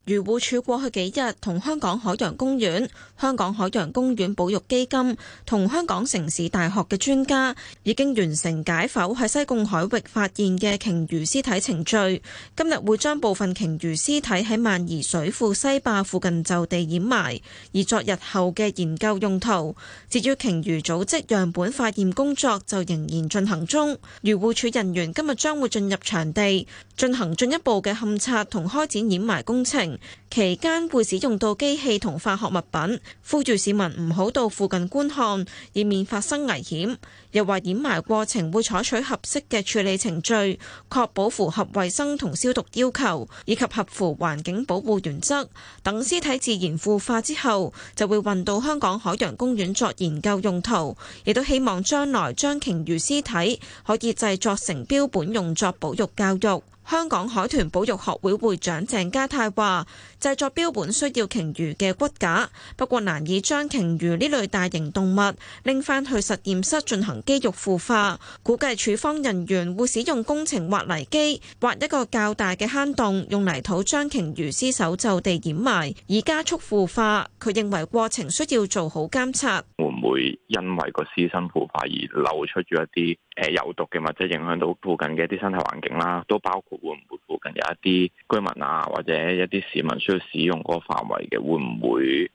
漁護署過去幾日同香港海洋公園、香港海洋公園保育基金同香港城市大學嘅專家，已經完成解剖喺西貢海域發現嘅鯨魚屍體程序。今日會將部分鯨魚屍體喺萬宜水庫西壩附近就地掩埋，而作日後嘅研究用途。至於鯨魚組織樣本化驗工作就仍然進行中，漁護署人員今日將會進入場地進行進一步嘅勘測同開展掩埋工程。期間會使用到機器同化學物品，呼籲市民唔好到附近觀看，以免發生危險。又話掩埋過程會採取合適嘅處理程序，確保符合衞生同消毒要求，以及合乎環境保護原則。等屍體自然腐化之後，就會運到香港海洋公園作研究用途。亦都希望將來將鯨魚屍體可以製作成標本，用作保育教育。香港海豚保育學會會會長鄭家泰話：製作標本需要鯨魚嘅骨架，不過難以將鯨魚呢類大型動物拎返去實驗室進行。肌肉腐化，估計處方人員會使用工程挖泥機挖一個較大嘅坑洞，用泥土將鯨魚屍首就地掩埋，以加速腐化。佢認為過程需要做好監測，會唔會因為個屍身腐化而流出咗一啲誒有毒嘅物質，或者影響到附近嘅一啲生態環境啦？都包括會唔會附近有一啲居民啊，或者一啲市民需要使用嗰個範圍嘅，會唔會？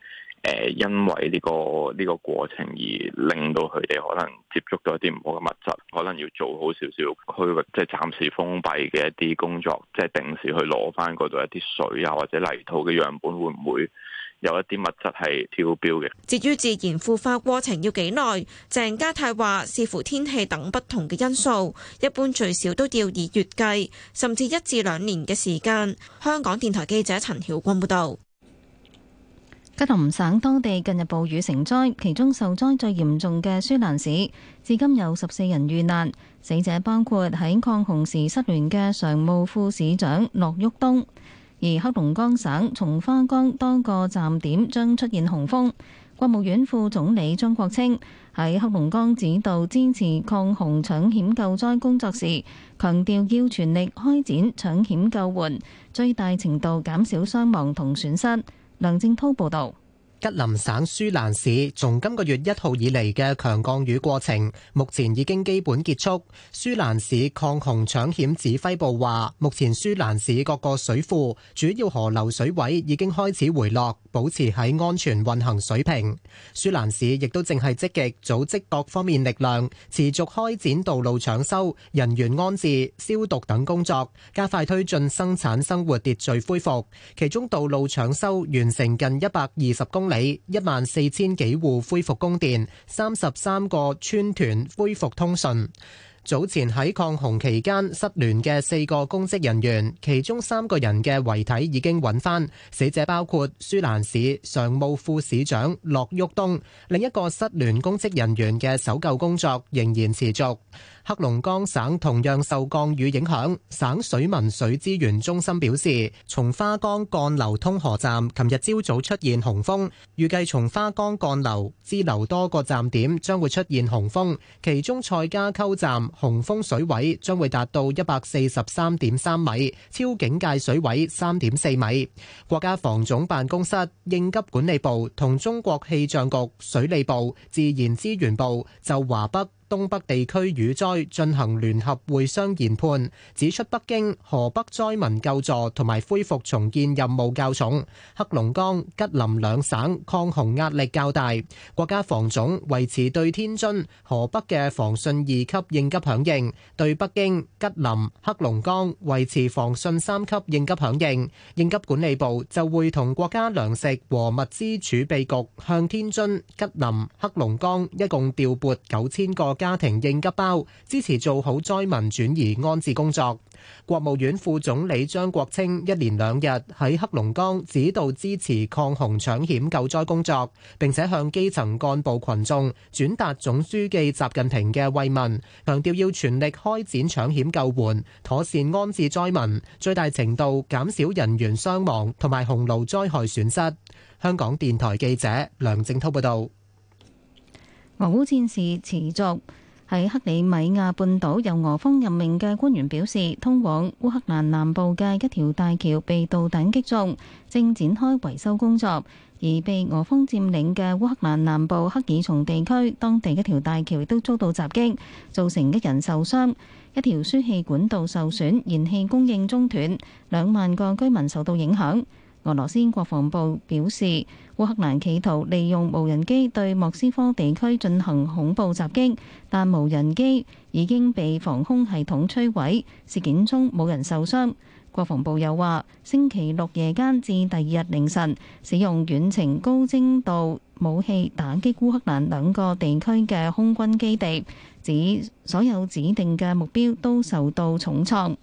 誒，因為呢、這個呢、這個過程而令到佢哋可能接觸到一啲唔好嘅物質，可能要做好少少區域，即係暫時封閉嘅一啲工作，即、就、係、是、定時去攞翻嗰度一啲水啊或者泥土嘅樣本，會唔會有一啲物質係超標嘅？至於自然腐化過程要幾耐？鄭家泰話：視乎天氣等不同嘅因素，一般最少都要以月計，甚至一至兩年嘅時間。香港電台記者陳曉君報導。吉林省當地近日暴雨成災，其中受災最嚴重嘅舒蘭市，至今有十四人遇難，死者包括喺抗洪時失聯嘅常務副市長駱旭東。而黑龍江省松花江多個站點將出現洪峰。國務院副總理張國清喺黑龍江指導支持抗洪搶險救災工作時，強調要全力開展搶險救援，最大程度減少傷亡同損失。梁正濤報道，吉林省舒蘭市從今個月一號以嚟嘅強降雨過程，目前已經基本結束。舒蘭市抗洪搶險指揮部話，目前舒蘭市各個水庫主要河流水位已經開始回落。保持喺安全運行水平，舒蘭市亦都正係積極組織各方面力量，持續開展道路搶修、人員安置、消毒等工作，加快推進生產生活秩序恢復，其中，道路搶修完成近一百二十公里，一萬四千幾戶恢復供電，三十三個村屯恢復通訊。早前喺抗洪期間失聯嘅四個公職人員，其中三個人嘅遺體已經揾返，死者包括舒蘭市常務副市長駱旭東。另一個失聯公職人員嘅搜救工作仍然持續。黑龍江省同樣受降雨影響，省水文水資源中心表示，松花江幹流通河站琴日朝早出現洪峰，預計松花江幹流支流多個站點將會出現洪峰，其中蔡家溝站洪峰水位將會達到一百四十三點三米，超警戒水位三點四米。國家防總辦公室、應急管理部同中國氣象局水利部、自然資源部就華北。東北地區雨災進行聯合會商研判，指出北京、河北災民救助同埋恢復重建任務較重，黑龍江、吉林兩省抗洪壓力較大。國家防總維持對天津、河北嘅防汛二級應急響應，對北京、吉林、黑龍江維持防汛三級應急響應。應急管理部就會同國家糧食和物資儲備局向天津、吉林、黑龍江一共調撥九千個家庭應急包，支持做好災民轉移安置工作。國務院副總理張國清一連兩日喺黑龍江指導支持抗洪搶險救災工作，並且向基層幹部群眾轉達總書記習近平嘅慰問，強調要全力開展搶險救援、妥善安置災民，最大程度減少人員傷亡同埋洪澇災害損失。香港電台記者梁正滔報道。俄烏戰事持續喺克里米亞半島，由俄方任命嘅官員表示，通往烏克蘭南部嘅一條大橋被導彈擊中，正展開維修工作。而被俄方佔領嘅烏克蘭南部克爾松地區，當地一條大橋都遭到襲擊，造成一人受傷，一條輸氣管道受損，燃氣供應中斷，兩萬個居民受到影響。俄羅斯國防部表示，烏克蘭企圖利用無人機對莫斯科地區進行恐怖襲擊，但無人機已經被防空系統摧毀。事件中冇人受傷。國防部又話，星期六夜間至第二日凌晨，使用遠程高精度武器打擊烏克蘭兩個地區嘅空軍基地，指所有指定嘅目標都受到重創。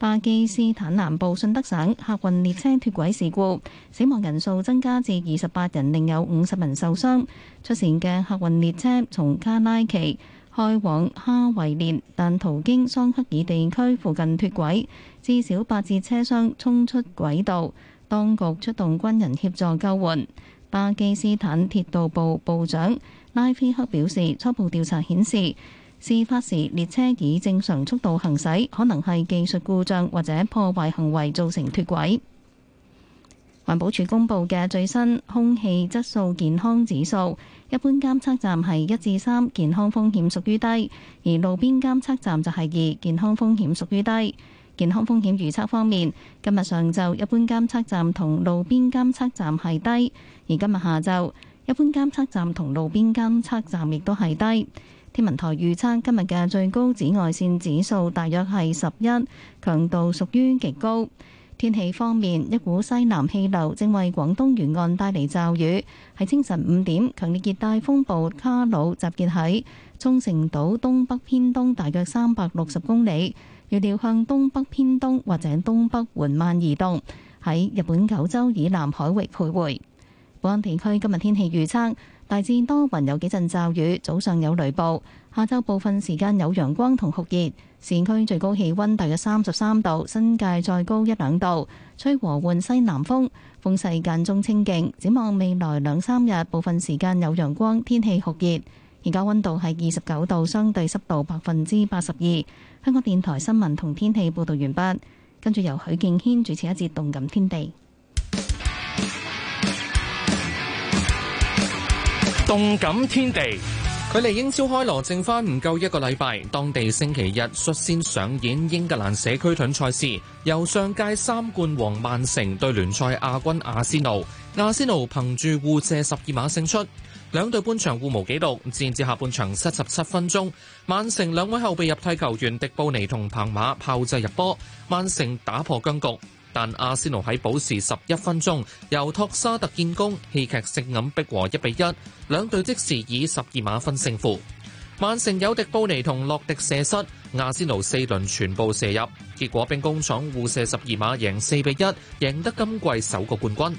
巴基斯坦南部信德省客運列車脱軌事故，死亡人數增加至二十八人，另有五十人受傷。出事嘅客運列車從卡拉奇開往哈維列，但途經桑克爾地區附近脱軌，至少八節車廂衝出軌道，當局出動軍人協助救援。巴基斯坦鐵道部部長拉菲克表示，初步調查顯示，事發時，列車以正常速度行駛，可能係技術故障或者破壞行為造成脱軌。環保署公布嘅最新空氣質素健康指數，一般監測站係一至三，健康風險屬於低；而路邊監測站就係二，健康風險屬於低。健康風險預測方面，今日上晝一般監測站同路邊監測站係低，而今日下晝一般監測站同路邊監測站亦都係低。天文台預測今日嘅最高紫外線指數大約係十一，強度屬於極高。天氣方面，一股西南氣流正為廣東沿岸帶嚟驟雨。喺清晨五點，強烈熱帶風暴卡努集結喺沖繩島東北偏東大約三百六十公里，預料向東北偏東或者東北緩慢移動，喺日本九州以南海域徘徊。本港地區今日天氣預測。大致多雲，有幾陣驟雨，早上有雷暴，下晝部分時間有陽光同酷熱，市區最高氣溫大約三十三度，新界再高一兩度，吹和緩西南風，風勢間中清勁，展望未來兩三日，部分時間有陽光，天氣酷熱，而家溫度係二十九度，相對濕度百分之八十二。香港電台新聞同天氣報道完畢，跟住由許敬軒主持一節動感天地。動感天地，距離英超開鑼剩翻唔夠一個禮拜，當地星期日率先上演英格蘭社區盾賽事，由上屆三冠王曼城對聯賽亞軍阿仙奴。阿仙奴憑住互借十二碼勝出，兩隊半場互無紀錄，戰至下半場七十七分鐘，曼城兩位後備入替球員迪布尼同彭馬炮製入波，曼城打破僵局。但阿仙奴喺補時十一分鐘由托沙特建功，戲劇性咁逼和一比一，兩隊即時以十二碼分勝負。曼城有迪布尼同洛迪射失，阿仙奴四輪全部射入，結果兵工廠互射十二碼贏四比一，贏得今季首個冠軍。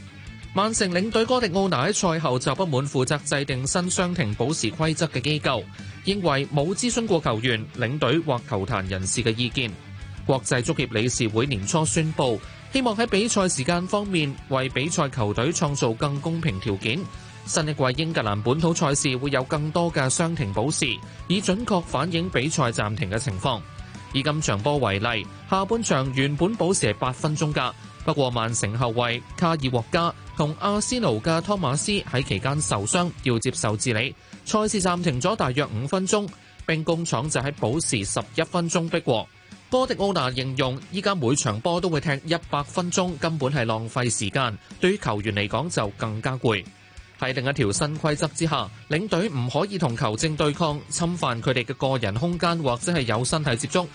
曼城領隊哥迪奧拿喺賽後就不滿負責制定新傷停補時規則嘅機構，認為冇諮詢過球員、領隊或球壇人士嘅意見。國際足協理事會年初宣布。希望喺比賽時間方面，為比賽球隊創造更公平條件。新一季英格蘭本土賽事會有更多嘅傷停補時，以準確反映比賽暫停嘅情況。以今場波為例，下半場原本補時係八分鐘噶，不過曼城後衛卡爾獲加同阿斯奴嘅湯馬斯喺期間受傷，要接受治理，賽事暫停咗大約五分鐘，兵工廠就喺補時十一分鐘逼和。波迪奧娜形容依家每場波都會踢一百分鐘，根本係浪費時間。對於球員嚟講就更加攰。喺另一條新規則之下，領隊唔可以同球證對抗，侵犯佢哋嘅個人空間或者係有身體接觸。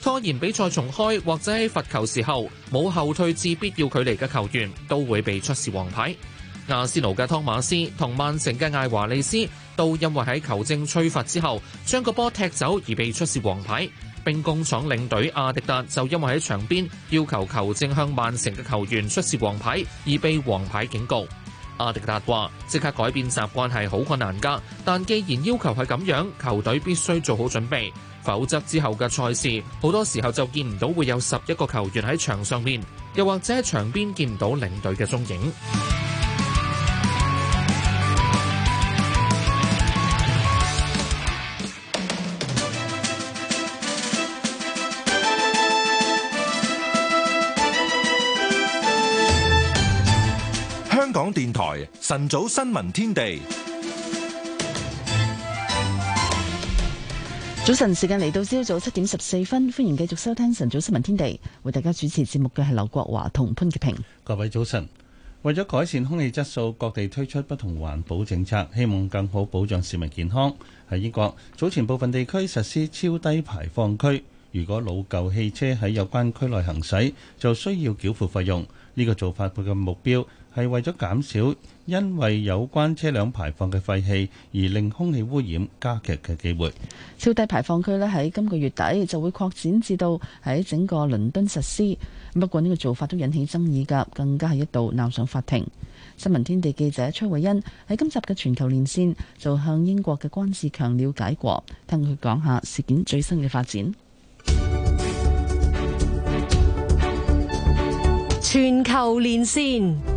拖延比賽重開或者喺罰球時候冇後退至必要距離嘅球員都會被出示黃牌。亞斯奴嘅湯馬斯同曼城嘅艾華利斯都因為喺球證吹罰之後將個波踢走而被出示黃牌。兵工廠領隊阿迪達就因為喺場邊要求球證向曼城嘅球員出示黃牌，而被黃牌警告。阿迪達話：即刻改變習慣係好困難噶，但既然要求係咁樣，球隊必須做好準備，否則之後嘅賽事好多時候就見唔到會有十一個球員喺場上面，又或者喺場邊見唔到領隊嘅蹤影。台晨早新聞天地，早晨時間嚟到，朝早七點十四分，歡迎繼續收聽晨早新聞天地，為大家主持節目嘅係劉國華同潘潔平。各位早晨，為咗改善空氣質素，各地推出不同環保政策，希望更好保障市民健康。喺英國，早前部分地區實施超低排放區，如果老舊汽車喺有關區內行駛，就需要繳付費用。呢個做法佢嘅目標。係為咗減少因為有關車輛排放嘅廢氣而令空氣污染加劇嘅機會，超低排放區咧喺今個月底就會擴展至到喺整個倫敦實施。不過呢個做法都引起爭議㗎，更加係一度鬧上法庭。新聞天地記者崔慧欣喺今集嘅全球連線就向英國嘅關志強了解過，聽佢講下事件最新嘅發展。全球連線。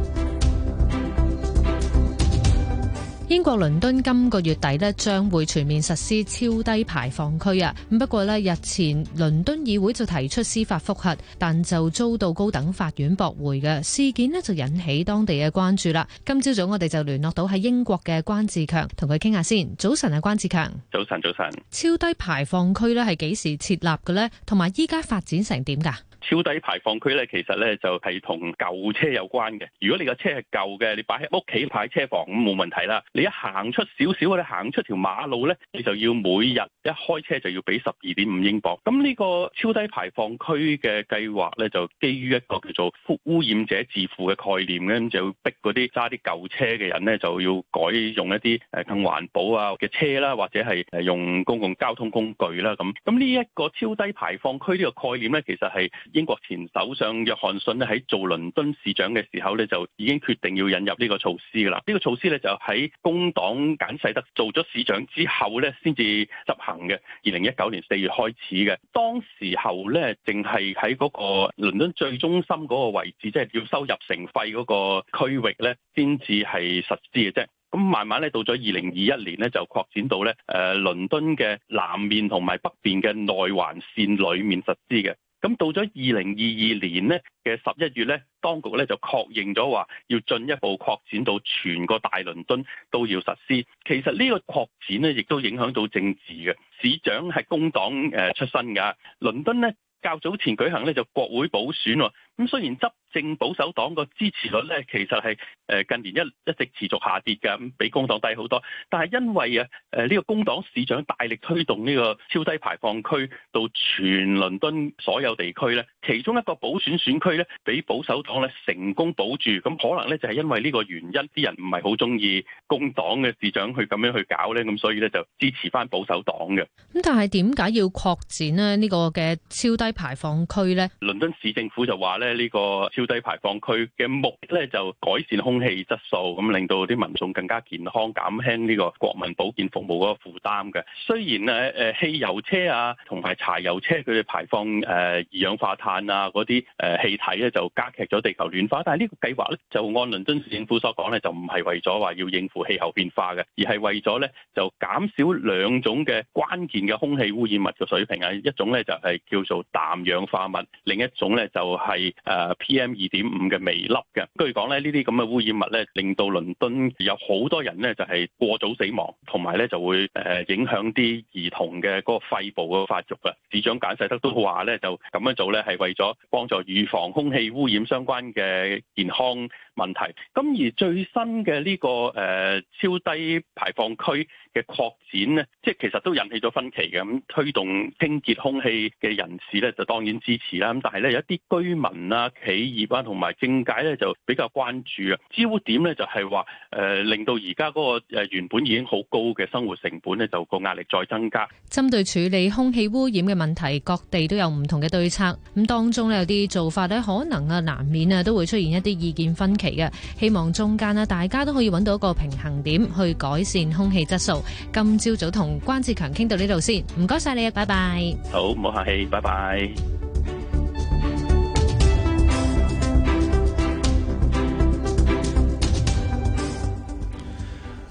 英國倫敦今個月底呢，將會全面實施超低排放區啊！不過呢，日前倫敦議會就提出司法覆核，但就遭到高等法院駁回嘅事件呢，就引起當地嘅關注啦。今朝早我哋就聯絡到喺英國嘅關志強，同佢傾下先。早晨啊，關志強。早晨，早晨。超低排放區呢係幾時設立嘅呢？同埋依家發展成點噶超低排放區咧，其實咧就係同舊車有關嘅。如果你個車係舊嘅，你擺喺屋企擺車房咁冇問題啦。你一行出少少，或者行出條馬路咧，你就要每日一開車就要俾十二點五英鎊。咁呢個超低排放區嘅計劃咧，就基於一個叫做污染者自負嘅概念嘅，咁就要逼嗰啲揸啲舊車嘅人咧，就要改用一啲誒更環保啊嘅車啦，或者係誒用公共交通工具啦。咁咁呢一個超低排放區呢個概念咧，其實係，英國前首相約翰遜咧，喺做倫敦市長嘅時候咧，就已經決定要引入呢個措施㗎喇。呢個措施咧就喺工黨簡世德做咗市長之後咧，先至執行嘅。二零一九年四月開始嘅，當時候咧，淨係喺嗰個倫敦最中心嗰個位置，即係要收入城費嗰個區域咧，先至係實施嘅啫。咁慢慢咧，到咗二零二一年咧，就擴展到咧誒倫敦嘅南面同埋北邊嘅內環線裡面實施嘅。咁到咗二零二二年咧嘅十一月咧，當局咧就確認咗話要進一步擴展到全個大倫敦都要實施。其實呢個擴展咧，亦都影響到政治嘅，市長係工黨誒出身㗎。倫敦咧較早前舉行咧就國會補選喎。咁雖然執政保守黨個支持率咧，其實係誒近年一一直持續下跌㗎，咁比工黨低好多。但係因為啊誒呢個工黨市長大力推動呢個超低排放區到全倫敦所有地區咧，其中一個補選選區咧，俾保守黨咧成功保住。咁可能咧就係因為呢個原因，啲人唔係好中意工黨嘅市長去咁樣去搞咧，咁所以咧就支持返保守黨嘅。咁但係點解要擴展咧呢個嘅超低排放區咧？倫敦市政府就話咧。呢個超低排放區嘅目的咧，就改善空氣質素，咁令到啲民眾更加健康，減輕呢個國民保健服務嗰個負擔嘅。雖然咧，誒、呃、汽油車啊，同埋柴油車佢哋排放誒、呃、二氧化碳啊嗰啲誒氣體咧，就加劇咗地球暖化，但係呢個計劃咧，就按倫敦市政府所講咧，就唔係為咗話要應付氣候變化嘅，而係為咗咧就減少兩種嘅關鍵嘅空氣污染物嘅水平啊，一種咧就係、是、叫做氮氧化物，另一種咧就係、是。誒、uh, PM 二點五嘅微粒嘅，據講咧呢啲咁嘅污染物咧，令到倫敦有好多人咧就係、是、過早死亡，同埋咧就會誒、呃、影響啲兒童嘅嗰個肺部嘅發育啊！市長簡世德都話咧，就咁樣做咧係為咗幫助預防空氣污染相關嘅健康問題。咁而最新嘅呢、這個誒、呃、超低排放區嘅擴展咧，即係其實都引起咗分歧嘅。咁推動清潔空氣嘅人士咧，就當然支持啦。咁但係咧有一啲居民。企業啊，同埋政界咧就比較關注啊，焦點咧就係話，誒、呃、令到而家嗰個原本已經好高嘅生活成本咧，就個壓力再增加。針對處理空氣污染嘅問題，各地都有唔同嘅對策，咁當中咧有啲做法咧可能啊難免啊都會出現一啲意見分歧嘅，希望中間咧大家都可以揾到一個平衡點去改善空氣質素。今朝早同關志強傾到呢度先，唔該晒你呀，拜拜。好，唔好客氣，拜拜。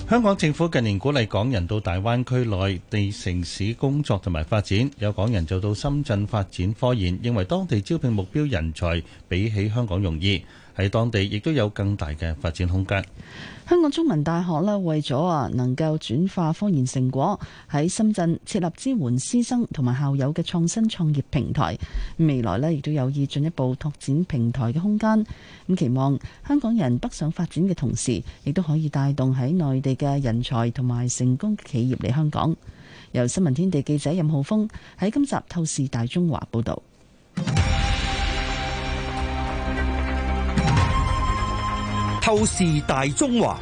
香港政府近年鼓勵港人到大灣區內地城市工作同埋發展，有港人就到深圳發展科研，認為當地招聘目標人才比起香港容易。喺當地亦都有更大嘅發展空間。香港中文大學咧，為咗啊能夠轉化科研成果，喺深圳設立支援師生同埋校友嘅創新創業平台。未來咧，亦都有意進一步拓展平台嘅空間。咁期望香港人北上發展嘅同時，亦都可以帶動喺內地嘅人才同埋成功嘅企業嚟香港。由新聞天地記者任浩峰喺今集透視大中華報導。透視大中華。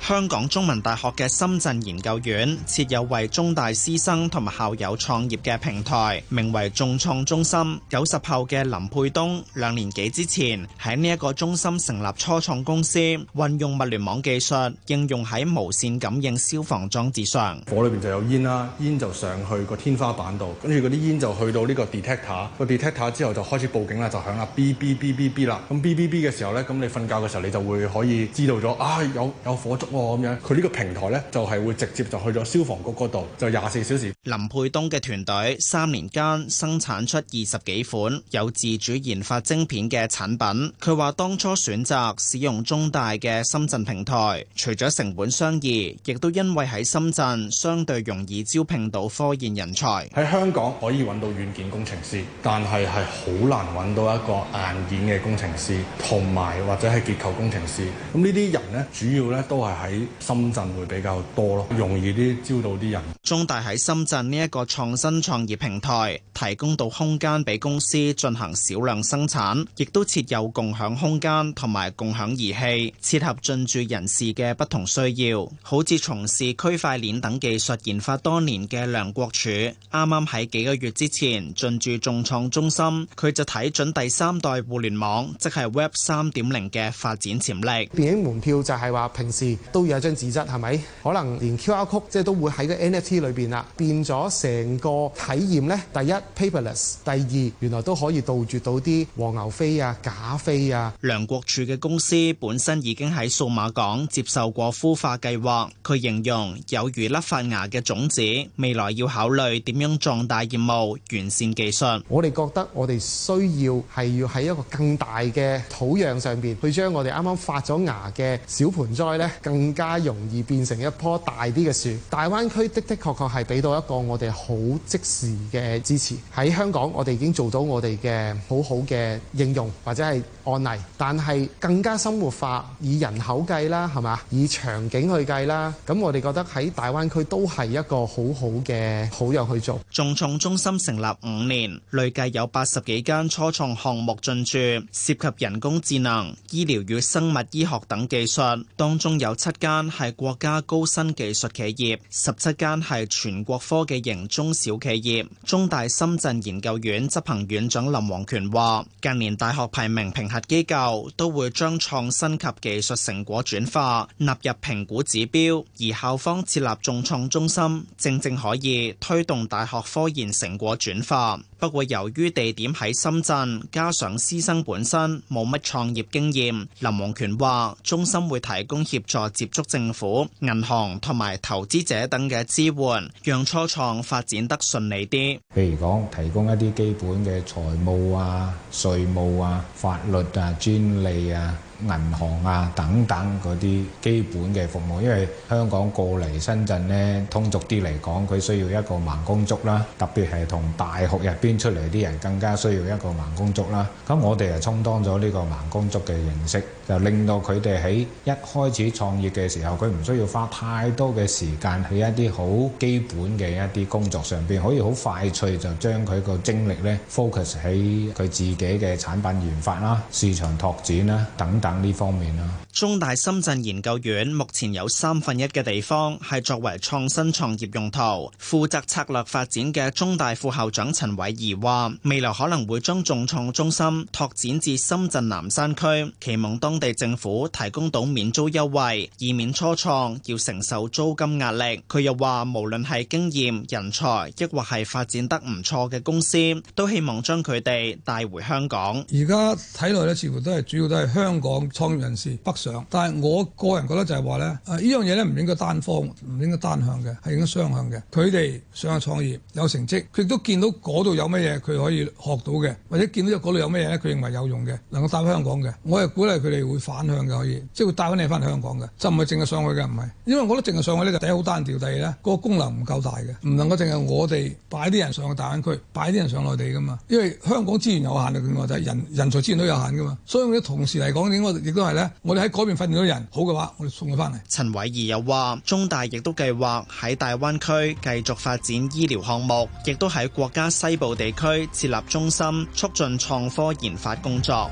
香港中文大學嘅深圳研究院設有為中大師生同埋校友創業嘅平台，名為眾創中心。九十後嘅林沛東兩年幾之前喺呢一個中心成立初創公司，運用物聯網技術應用喺無線感應消防裝置上。火裏邊就有煙啦，煙就上去個天花板度，跟住啲煙就去到呢個 detector 個 detector 之後就開始報警啦，就響啦 b b b b b 啦。咁 b b b 嘅時候咧，咁你瞓覺嘅時候你就會可以知道咗啊有有火哇！咁樣，佢呢個平台咧，就係會直接就去咗消防局嗰度，就廿四小時。林沛東嘅團隊三年間生產出二十幾款有自主研發晶片嘅產品。佢話當初選擇使用中大嘅深圳平台，除咗成本相宜，亦都因為喺深圳相對容易招聘到科研人才。喺香港可以揾到軟件工程師，但係係好難揾到一個硬件嘅工程師，同埋或者係結構工程師，咁呢啲人咧，主要咧都係。喺深圳會比較多咯，容易啲招到啲人。中大喺深圳呢一個創新創業平台，提供到空間俾公司進行少量生產，亦都設有共享空間同埋共享儀器，切合進駐人士嘅不同需要。好似從事區塊鏈等技術研發多年嘅梁國柱，啱啱喺幾個月之前進駐眾創中心，佢就睇準第三代互聯網，即係 Web 三點零嘅發展潛力。電影門票就係話平時。都有一張紙質係咪？可能連 QR code 即係都會喺個 NFT 裏邊啦，變咗成個體驗咧。第一 paperless，第二原來都可以杜絕到啲黃牛飛啊、假飛啊。梁國柱嘅公司本身已經喺數碼港接受過孵化計劃，佢形容有如粒發芽嘅種子，未來要考慮點樣壯大業務、完善技術。我哋覺得我哋需要係要喺一個更大嘅土壤上邊去將我哋啱啱發咗芽嘅小盆栽咧，更更加容易變成一棵大啲嘅樹。大灣區的的確確係俾到一個我哋好即時嘅支持。喺香港，我哋已經做到我哋嘅好好嘅應用或者係案例，但係更加生活化，以人口計啦，係嘛？以場景去計啦。咁我哋覺得喺大灣區都係一個好好嘅好友去做。眾創中心成立五年，累計有八十幾間初創項目進駐，涉及人工智能、醫療與生物醫學等技術，當中有七間係國家高新技術企業，十七間係全國科技型中小企業。中大深圳研究院執行院長林黃權話：近年大學排名評核機構都會將創新及技術成果轉化納入評估指標，而校方設立眾創中心，正正可以推動大學科研成果轉化。不過，由於地點喺深圳，加上師生本身冇乜創業經驗，林王權話：中心會提供協助接觸政府、銀行同埋投資者等嘅支援，讓初創發展得順利啲。譬如講，提供一啲基本嘅財務啊、稅務啊、法律啊、專利啊。銀行啊，等等嗰啲基本嘅服務，因為香港過嚟深圳咧，通俗啲嚟講，佢需要一個盲公竹啦，特別係同大學入邊出嚟啲人更加需要一個盲公竹啦。咁我哋就充當咗呢個盲公竹嘅形式，就令到佢哋喺一開始創業嘅時候，佢唔需要花太多嘅時間去一啲好基本嘅一啲工作上邊，可以好快脆就將佢個精力咧 focus 喺佢自己嘅產品研發啦、市場拓展啦等等。呢中大深圳研究院目前有三分一嘅地方係作為創新創業用途，負責策略發展嘅中大副校長陳偉儀話，未來可能會將眾創中心拓展至深圳南山區，期望當地政府提供到免租優惠，以免初創要承受租金壓力。佢又話，無論係經驗人才，抑或係發展得唔錯嘅公司，都希望將佢哋帶回香港。而家睇來咧，似乎都係主要都係香港創業人士北上，但係我個人覺得就係話咧，呢樣嘢咧唔應該單方，唔應該單向嘅，係應該雙向嘅。佢哋想創業有成績，佢都見到嗰度有乜嘢佢可以學到嘅，或者見到嗰度有乜嘢咧，佢認為有用嘅，能夠帶翻香港嘅。我係鼓勵佢哋會反向嘅，可以即係會帶翻你翻香港嘅，就唔係淨係上去嘅，唔係。因為我覺得淨係上去呢個第一好單調，第二咧個功能唔夠大嘅，唔能夠淨係我哋擺啲人上去大灣區，擺啲人上內地噶嘛。因為香港資源有限嘅，另外就係、是、人人才資源都有限噶嘛。所以我啲同時嚟講，應該亦都係咧，我哋喺嗰邊訓練到人好嘅話，我哋送佢翻嚟。陳偉儀又話：中大亦都計劃喺大灣區繼續發展醫療項目，亦都喺國家西部地區設立中心，促進創科研發工作。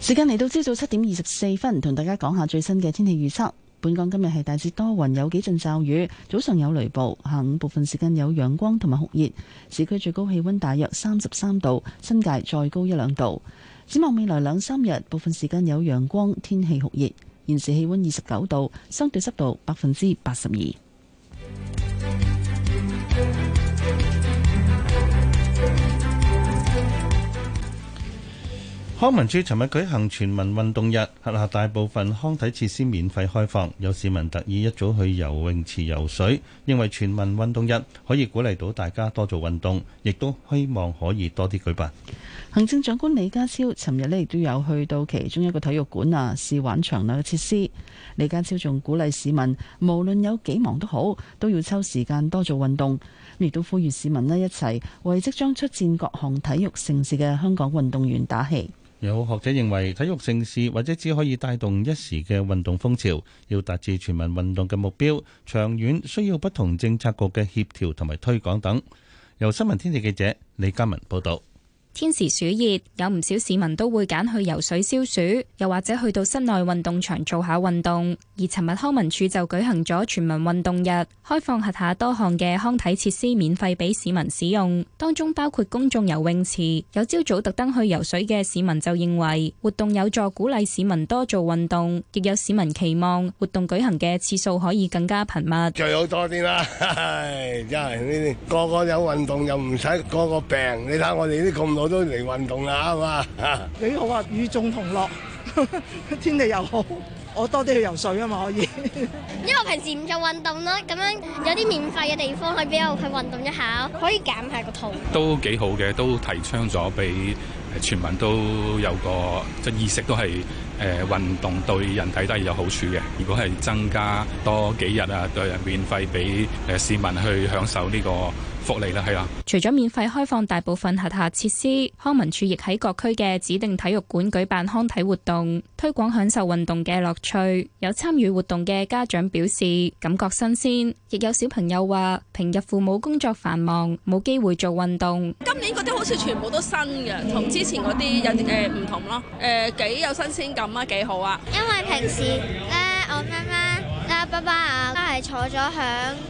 時間嚟到朝早七點二十四分，同大家講下最新嘅天氣預測。本港今日係大致多雲，有幾陣驟雨，早上有雷暴，下午部分時間有陽光同埋酷熱，市區最高氣溫大約三十三度，新界再高一兩度。展望未來兩三日，部分時間有陽光，天氣酷熱。現時氣溫二十九度，相對濕度百分之八十二。康文署尋日舉行全民運動日，轄下大部分康體設施免費開放。有市民特意一早去游泳池游水，認為全民運動日可以鼓勵到大家多做運動，亦都希望可以多啲舉辦。行政長官李家超尋日呢亦都有去到其中一個體育館啊，試玩場內嘅設施。李家超仲鼓勵市民，無論有幾忙都好，都要抽時間多做運動，亦都呼籲市民呢一齊為即將出戰各項體育盛事嘅香港運動員打氣。有學者認為，體育盛事或者只可以帶動一時嘅運動風潮，要達至全民運動嘅目標，長遠需要不同政策局嘅協調同埋推廣等。由新聞天地記者李嘉文報導。天時暑熱，有唔少市民都會揀去游水消暑，又或者去到室內運動場做下運動。而尋日康文署就舉行咗全民運動日，開放轄下多項嘅康體設施免費俾市民使用，當中包括公眾游泳池。有朝早特登去游水嘅市民就認為活動有助鼓勵市民多做運動，亦有市民期望活動舉行嘅次數可以更加頻密，最好多啲啦， 真係呢啲個個有運動又唔使個個病，你睇我哋啲咁我都嚟運動啦，係嘛？幾好啊！與眾同樂，天氣又好，我多啲去游水啊嘛！可以，因為我平時唔做運動咯，咁樣有啲免費嘅地方去，俾我去運動一下，可以減下個肚。都幾好嘅，都提倡咗俾全民都有個即意識，都係誒運動對人體都係有好處嘅。如果係增加多幾日啊，對人免費俾誒市民去享受呢個。福利啦，係啦。除咗免費開放大部分轄下設施，康文署亦喺各區嘅指定體育館舉辦康體活動，推廣享受運動嘅樂趣。有參與活動嘅家長表示，感覺新鮮，亦有小朋友話平日父母工作繁忙，冇機會做運動，今年嗰啲好似全部都新嘅，同之前嗰啲有誒唔同咯。誒、呃、幾有新鮮感啊，幾好啊。因為平時咧，我媽媽。爸爸啊，都係坐咗喺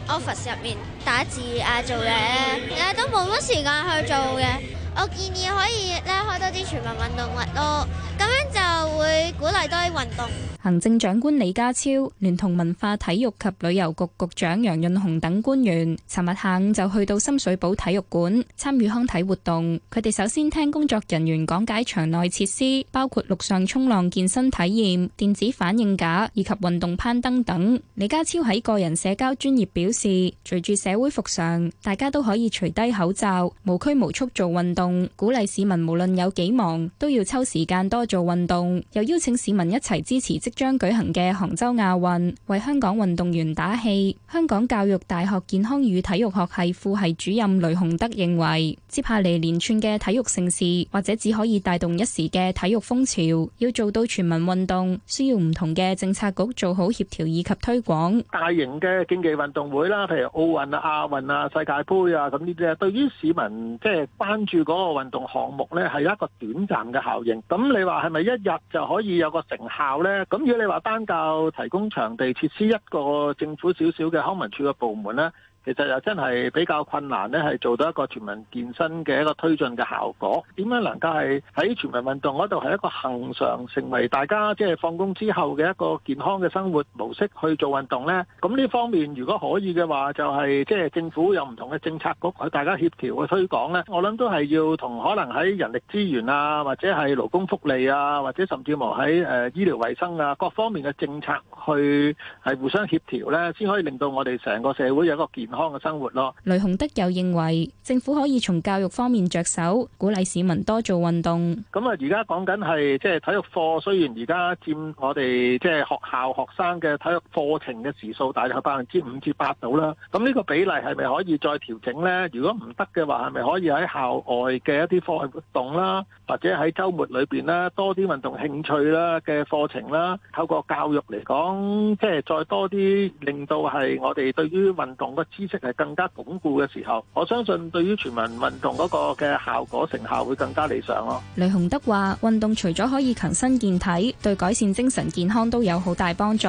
office 入面打字啊，做嘢。咧都冇乜時間去做嘅。我建議可以咧開多啲全民運動活動，咁樣就會鼓勵多啲運動。行政長官李家超聯同文化、體育及旅遊局局長楊潤雄等官員，尋日下午就去到深水埗體育館參與康體活動。佢哋首先聽工作人員講解場內設施，包括陸上衝浪、健身體驗、電子反應架以及運動攀登等等。李家超喺個人社交專業表示，隨住社會復常，大家都可以除低口罩、無拘無束做運動，鼓勵市民無論有幾忙，都要抽時間多做運動。又邀請市民一齊支持即將舉行嘅杭州亞運，為香港運動員打氣。香港教育大學健康與體育學系副系主任雷洪德認為，接下嚟連串嘅體育盛事或者只可以帶動一時嘅體育風潮，要做到全民運動，需要唔同嘅政策局做好協調以及推。講大型嘅競技運動會啦，譬如奧運啊、亞運啊、世界杯啊，咁呢啲啊，對於市民即係、就是、關注嗰個運動項目呢，係一個短暫嘅效應。咁你話係咪一日就可以有個成效呢？咁如果你話單靠提供場地設施一個政府少少嘅康文署嘅部門呢。其實又真係比較困難呢，係做到一個全民健身嘅一個推進嘅效果。點樣能夠係喺全民運動嗰度係一個恆常成為大家即係放工之後嘅一個健康嘅生活模式去做運動呢？咁呢方面如果可以嘅話，就係即係政府有唔同嘅政策局去大家協調去推廣呢。我諗都係要同可能喺人力資源啊，或者係勞工福利啊，或者甚至乎喺誒醫療衞生啊各方面嘅政策去係互相協調呢，先可以令到我哋成個社會有一個健健康嘅生活咯，雷洪德又認為政府可以從教育方面着手，鼓勵市民多做運動。咁啊，而家講緊係即係體育課，雖然而家佔我哋即係學校學生嘅體育課程嘅時數大約百分之五至八到啦。咁呢個比例係咪可以再調整咧？如果唔得嘅話，係咪可以喺校外嘅一啲課外活動啦，或者喺周末裏邊啦，多啲運動興趣啦嘅課程啦，透過教育嚟講，即係再多啲，令到係我哋對於運動嘅。意識係更加鞏固嘅時候，我相信對於全民運動嗰個嘅效果成效會更加理想咯。雷洪德話：運動除咗可以強身健體，對改善精神健康都有好大幫助。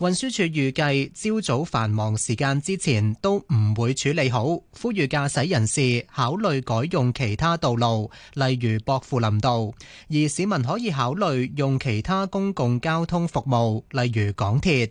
運輸處預計朝早繁忙時間之前都唔會處理好，呼籲駕駛人士考慮改用其他道路，例如薄扶林道，而市民可以考慮用其他公共交通服務，例如港鐵。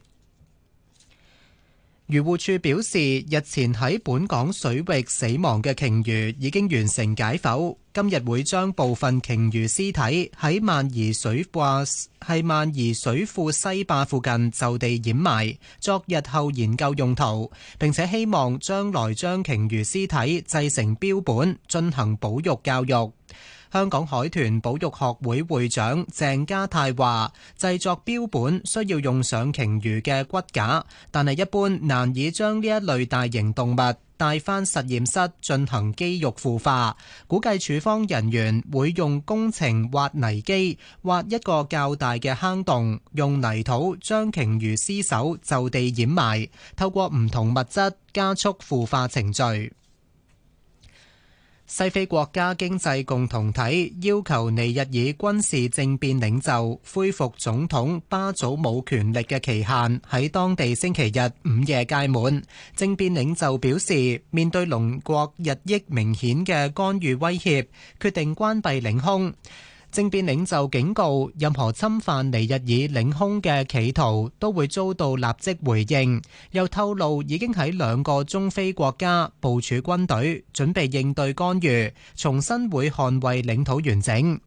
漁護署表示，日前喺本港水域死亡嘅鯨魚已經完成解剖，今日會將部分鯨魚屍體喺萬宜水壩喺萬宜水庫西壩附近就地掩埋，作日後研究用途。並且希望將來將鯨魚屍體製成標本，進行保育教育。香港海豚保育學會會長鄭家泰話，製作標本需要用上鯨魚嘅骨架，但係一般難以將呢一類大型動物帶翻實驗室進行肌肉腐化。估計處方人員會用工程挖泥機挖一個較大嘅坑洞，用泥土將鯨魚屍首就地掩埋，透過唔同物質加速腐化程序。西非國家經濟共同體要求尼日爾軍事政變領袖恢復總統巴祖姆權力嘅期限喺當地星期日午夜屆滿。政變領袖表示，面對鄰國日益明顯嘅干預威脅，決定關閉領空。政變領袖警告，任何侵犯尼日爾領空嘅企圖都會遭到立即回應。又透露已經喺兩個中非國家部署軍隊，準備應對干預，重新會捍衛領土完整。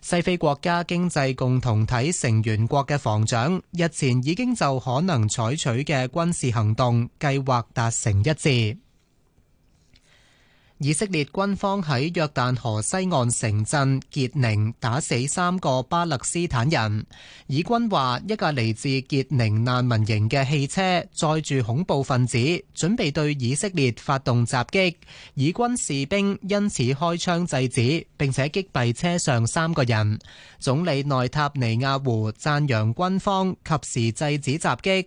西非國家經濟共同體成員國嘅防長日前已經就可能採取嘅軍事行動計劃達成一致。以色列軍方喺約旦河西岸城鎮傑寧打死三個巴勒斯坦人。以軍話，一架嚟自傑寧難民營嘅汽車載住恐怖分子，準備對以色列發動襲擊。以軍士兵因此開槍制止，並且擊斃車上三個人。總理內塔尼亞胡讚揚軍方及時制止襲擊。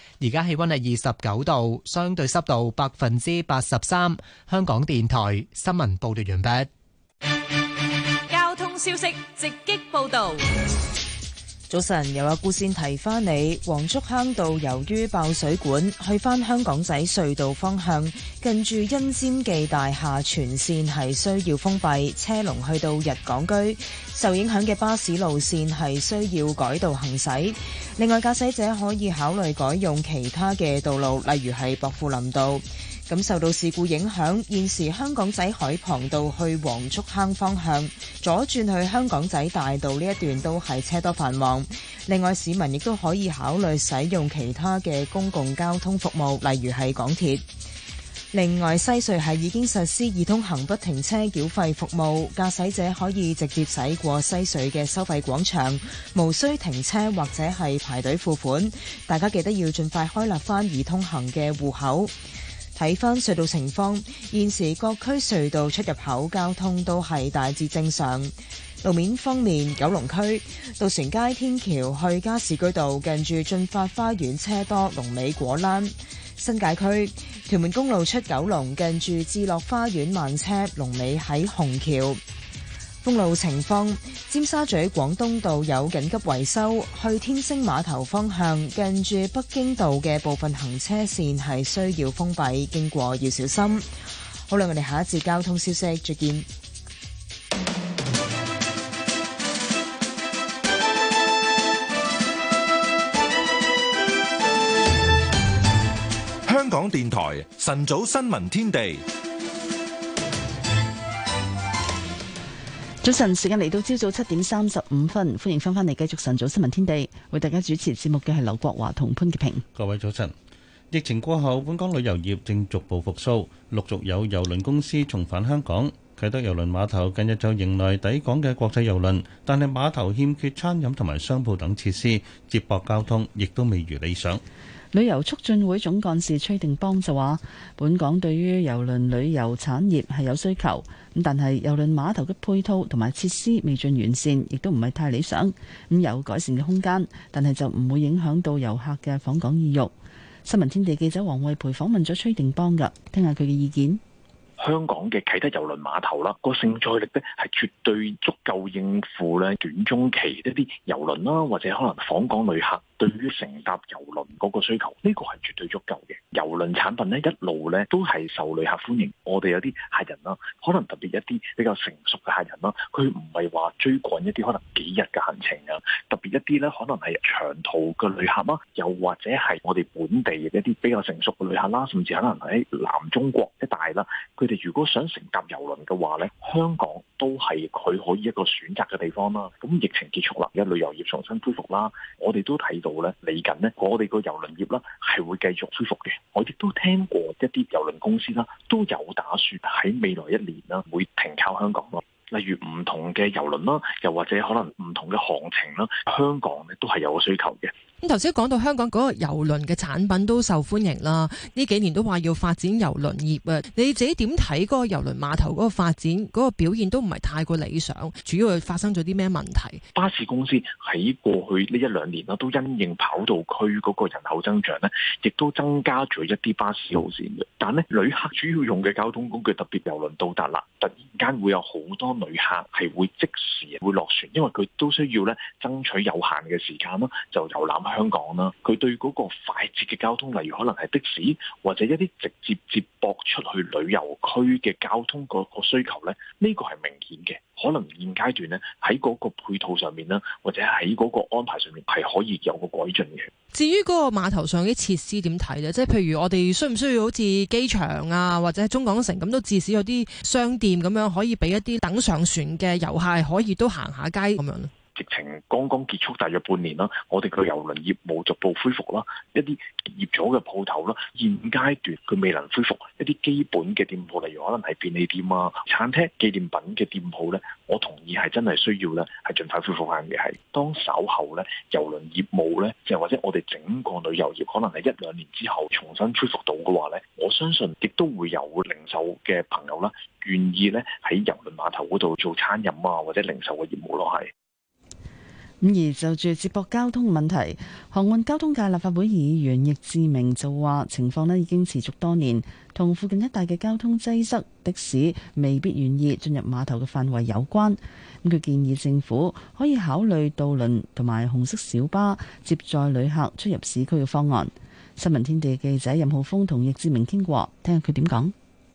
而家氣溫係二十九度，相對濕度百分之八十三。香港電台新聞報道完畢。交通消息直擊報道。早晨，有阿姑先提翻你，黃竹坑道由於爆水管，去翻香港仔隧道方向，近住欣謙記大廈全線係需要封閉，車龍去到日港居，受影響嘅巴士路線係需要改道行駛。另外，駕駛者可以考慮改用其他嘅道路，例如係薄扶林道。咁受到事故影響，現時香港仔海傍道去黃竹坑方向左轉去香港仔大道呢一段都係車多繁忙。另外，市民亦都可以考慮使用其他嘅公共交通服務，例如係港鐵。另外，西隧係已經實施易通行不停車繳費服務，駕駛者可以直接駛過西隧嘅收費廣場，無需停車或者係排隊付款。大家記得要盡快開立翻易通行嘅戶口。睇翻隧道情況，現時各區隧道出入口交通都係大致正常。路面方面，九龍區渡船街天橋去加士居道近住進發花園車多，龍尾果欄；新界區屯門公路出九龍近住置樂花園慢車，龍尾喺紅橋。封路情況，尖沙咀廣東道有緊急維修，去天星碼頭方向近住北京道嘅部分行車線係需要封閉，經過要小心。好啦，我哋下一節交通消息，再見。香港電台晨早新聞天地。早晨，時間嚟到朝早七點三十五分，歡迎翻返嚟繼續晨早新聞天地，為大家主持節目嘅係劉國華同潘潔平。各位早晨，疫情過後，本港旅遊業正逐步復蘇，陸續有郵輪公司重返香港。啟德郵輪碼頭近日就迎來抵港嘅國際郵輪，但係碼頭欠缺餐飲同埋商鋪等設施，接駁交通亦都未如理想。旅遊促進會總幹事崔定邦就話：本港對於郵輪旅遊產業係有需求，咁但係郵輪碼頭嘅配套同埋設施未盡完善，亦都唔係太理想，咁有改善嘅空間，但係就唔會影響到遊客嘅訪港意欲。新聞天地記者王惠培訪問咗崔定邦㗎，聽下佢嘅意見。香港嘅啟德郵輪碼頭啦，個承載力呢，係絕對足夠應付咧短中期一啲郵輪啦，或者可能訪港旅客。對於乘搭遊輪嗰個需求，呢個係絕對足夠嘅。遊輪產品咧，一路咧都係受旅客歡迎。我哋有啲客人啦，可能特別一啲比較成熟嘅客人啦，佢唔係話追趕一啲可能幾日嘅行程啊。特別一啲呢，可能係長途嘅旅客啦，又或者係我哋本地嘅一啲比較成熟嘅旅客啦，甚至可能喺南中國一帶啦，佢哋如果想乘搭遊輪嘅話呢，香港都係佢可以一個選擇嘅地方啦。咁疫情結束啦，旅遊業重新恢復啦，我哋都睇到。嚟緊呢，我哋個郵輪業啦，係會繼續恢復嘅。我亦都聽過一啲郵輪公司啦，都有打算喺未來一年啦，會停靠香港咯。例如唔同嘅郵輪啦，又或者可能唔同嘅航程啦，香港咧都係有個需求嘅。咁頭先講到香港嗰個遊輪嘅產品都受歡迎啦，呢幾年都話要發展郵輪業啊。你自己點睇嗰個遊輪碼頭嗰個發展嗰個表現都唔係太過理想，主要係發生咗啲咩問題？巴士公司喺過去呢一兩年啦，都因應跑道區嗰個人口增長咧，亦都增加咗一啲巴士路綫嘅。但咧，旅客主要用嘅交通工具特別遊輪到達啦，突然間會有好多旅客係會即時會落船，因為佢都需要咧爭取有限嘅時間咯，就遊覽。香港啦，佢對嗰個快捷嘅交通，例如可能係的士或者一啲直接接駁出去旅遊區嘅交通嗰個需求咧，呢、呢個係明顯嘅。可能現階段咧喺嗰個配套上面啦，或者喺嗰個安排上面係可以有個改進嘅。至於嗰個碼頭上啲設施點睇咧，即係譬如我哋需唔需要好似機場啊，或者中港城咁都至少有啲商店咁樣可以俾一啲等上船嘅遊客可以都行下街咁樣。疫情剛剛結束大約半年啦，我哋嘅郵輪業務逐步恢復啦，一啲結業咗嘅鋪頭啦，現階段佢未能恢復一啲基本嘅店鋪，例如可能係便利店啊、餐廳、紀念品嘅店鋪咧，我同意係真係需要咧，係盡快恢復翻嘅。係當稍後咧郵輪業務咧，即係或者我哋整個旅遊業可能係一兩年之後重新恢復到嘅話咧，我相信亦都會有零售嘅朋友啦，願意咧喺郵輪碼頭嗰度做餐飲啊或者零售嘅業務咯，係。咁而就住接駁交通問題，航運交通界立法會議員易志明就話情況咧已經持續多年，同附近一帶嘅交通擠塞、的士未必願意進入碼頭嘅範圍有關，咁佢建議政府可以考慮渡輪同埋紅色小巴接載旅客出入市區嘅方案。新聞天地記者任浩峰同易志明傾過，聽下佢點講。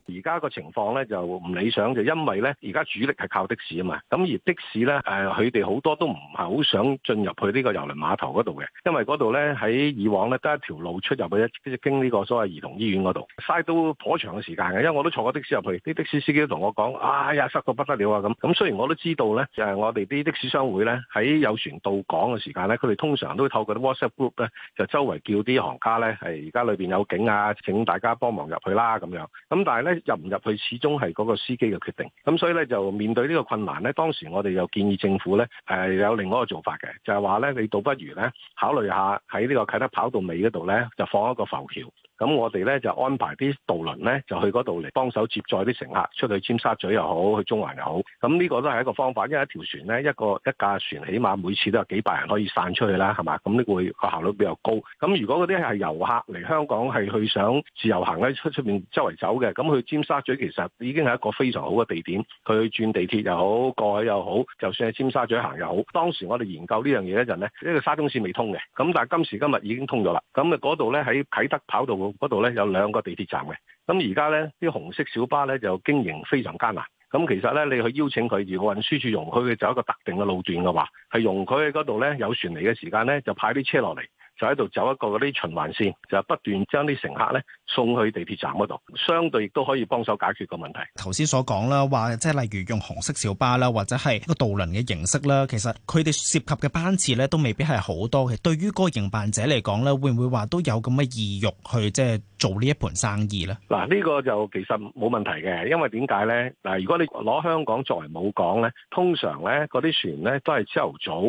而家個情況咧就唔理想，就因為咧而家主力係靠的士啊嘛，咁而的士咧誒，佢哋好多都唔係好想進入去呢個郵輪碼頭嗰度嘅，因為嗰度咧喺以往咧得一條路出入去，即係經呢個所謂兒童醫院嗰度，嘥都頗長嘅時間嘅。因為我都坐過的士入去，啲的士司機都同我講，哎呀塞到不得了啊咁。咁雖然我都知道咧，就係、是、我哋啲的，的士商會咧喺有船到港嘅時間咧，佢哋通常都會透過 WhatsApp group 咧，就周圍叫啲行家咧係而家裏邊有警啊，請大家幫忙入去啦咁樣。咁但係咧。入唔入去始終係嗰個司機嘅決定，咁所以咧就面對呢個困難咧，當時我哋又建議政府咧，誒、呃、有另外一個做法嘅，就係話咧你倒不如咧考慮下喺呢個啟德跑道尾嗰度咧就放一個浮橋。咁我哋咧就安排啲渡輪咧，就去嗰度嚟幫手接載啲乘客出去尖沙咀又好，去中環又好。咁呢個都係一個方法，因為一條船咧，一個一架船，起碼每次都係幾百人可以散出去啦，係嘛？咁呢個會個效率比較高。咁如果嗰啲係遊客嚟香港係去想自由行咧，出出面周圍走嘅，咁去尖沙咀其實已經係一個非常好嘅地點。佢轉地鐵又好，過去又好，就算係尖沙咀行又好。當時我哋研究呢樣嘢嗰陣呢，因為沙中線未通嘅，咁但係今時今日已經通咗啦。咁啊嗰度咧喺啟德跑道。嗰度咧有兩個地鐵站嘅，咁而家咧啲紅色小巴咧就經營非常艱難。咁其實咧你去邀請佢，如果運輸處容許佢走一個特定嘅路段嘅話，係容佢喺嗰度咧有船嚟嘅時間咧，就派啲車落嚟。就喺度走一個嗰啲循環線，就不斷將啲乘客咧送去地鐵站嗰度，相對亦都可以幫手解決個問題。頭先所講啦，話即係例如用紅色小巴啦，或者係個渡輪嘅形式啦，其實佢哋涉及嘅班次咧都未必係好多嘅。對於個營辦者嚟講咧，會唔會話都有咁嘅意欲去即係做呢一盤生意咧？嗱，呢個就其實冇問題嘅，因為點解咧？嗱，如果你攞香港作為母港咧，通常咧嗰啲船咧都係朝頭早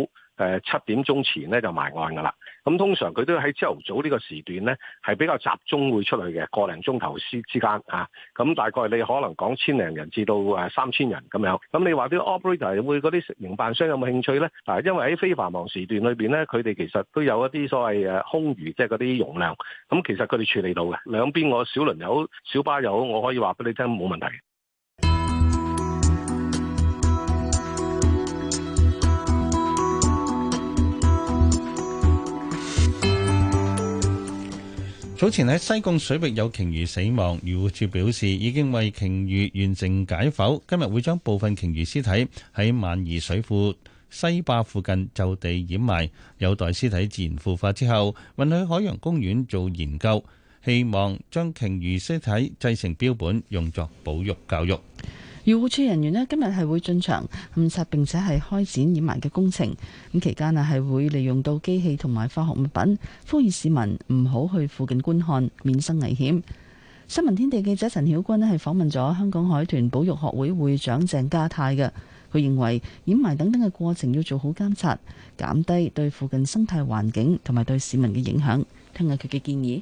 誒七點鐘前咧就埋岸噶啦。咁通常佢都喺朝頭早呢個時段呢，係比較集中會出去嘅，個零鐘頭之之間啊。咁大概你可能講千零人至到誒三千人咁樣。咁你話啲 operator 會嗰啲營辦商有冇興趣呢？啊，因為喺非繁忙時段裏邊呢，佢哋其實都有一啲所謂誒空餘，即係嗰啲容量。咁其實佢哋處理到嘅，兩邊我小輪又，小巴又，我可以話俾你聽，冇問題。早前喺西貢水域有鯨魚死亡，漁護處表示已經為鯨魚完成解剖，今日會將部分鯨魚屍體喺萬宜水庫西壩附近就地掩埋，有待屍體自然腐化之後，運去海洋公園做研究，希望將鯨魚屍體製成標本用作保育教育。漁護署人員呢今日係會進場勘察，並且係開展掩埋嘅工程。咁期間啊係會利用到機器同埋化學物品，呼籲市民唔好去附近觀看，免生危險。新聞天地記者陳曉君呢係訪問咗香港海豚保育學會會長鄭家泰嘅，佢認為掩埋等等嘅過程要做好監察，減低對附近生態環境同埋對市民嘅影響。聽下佢嘅建議。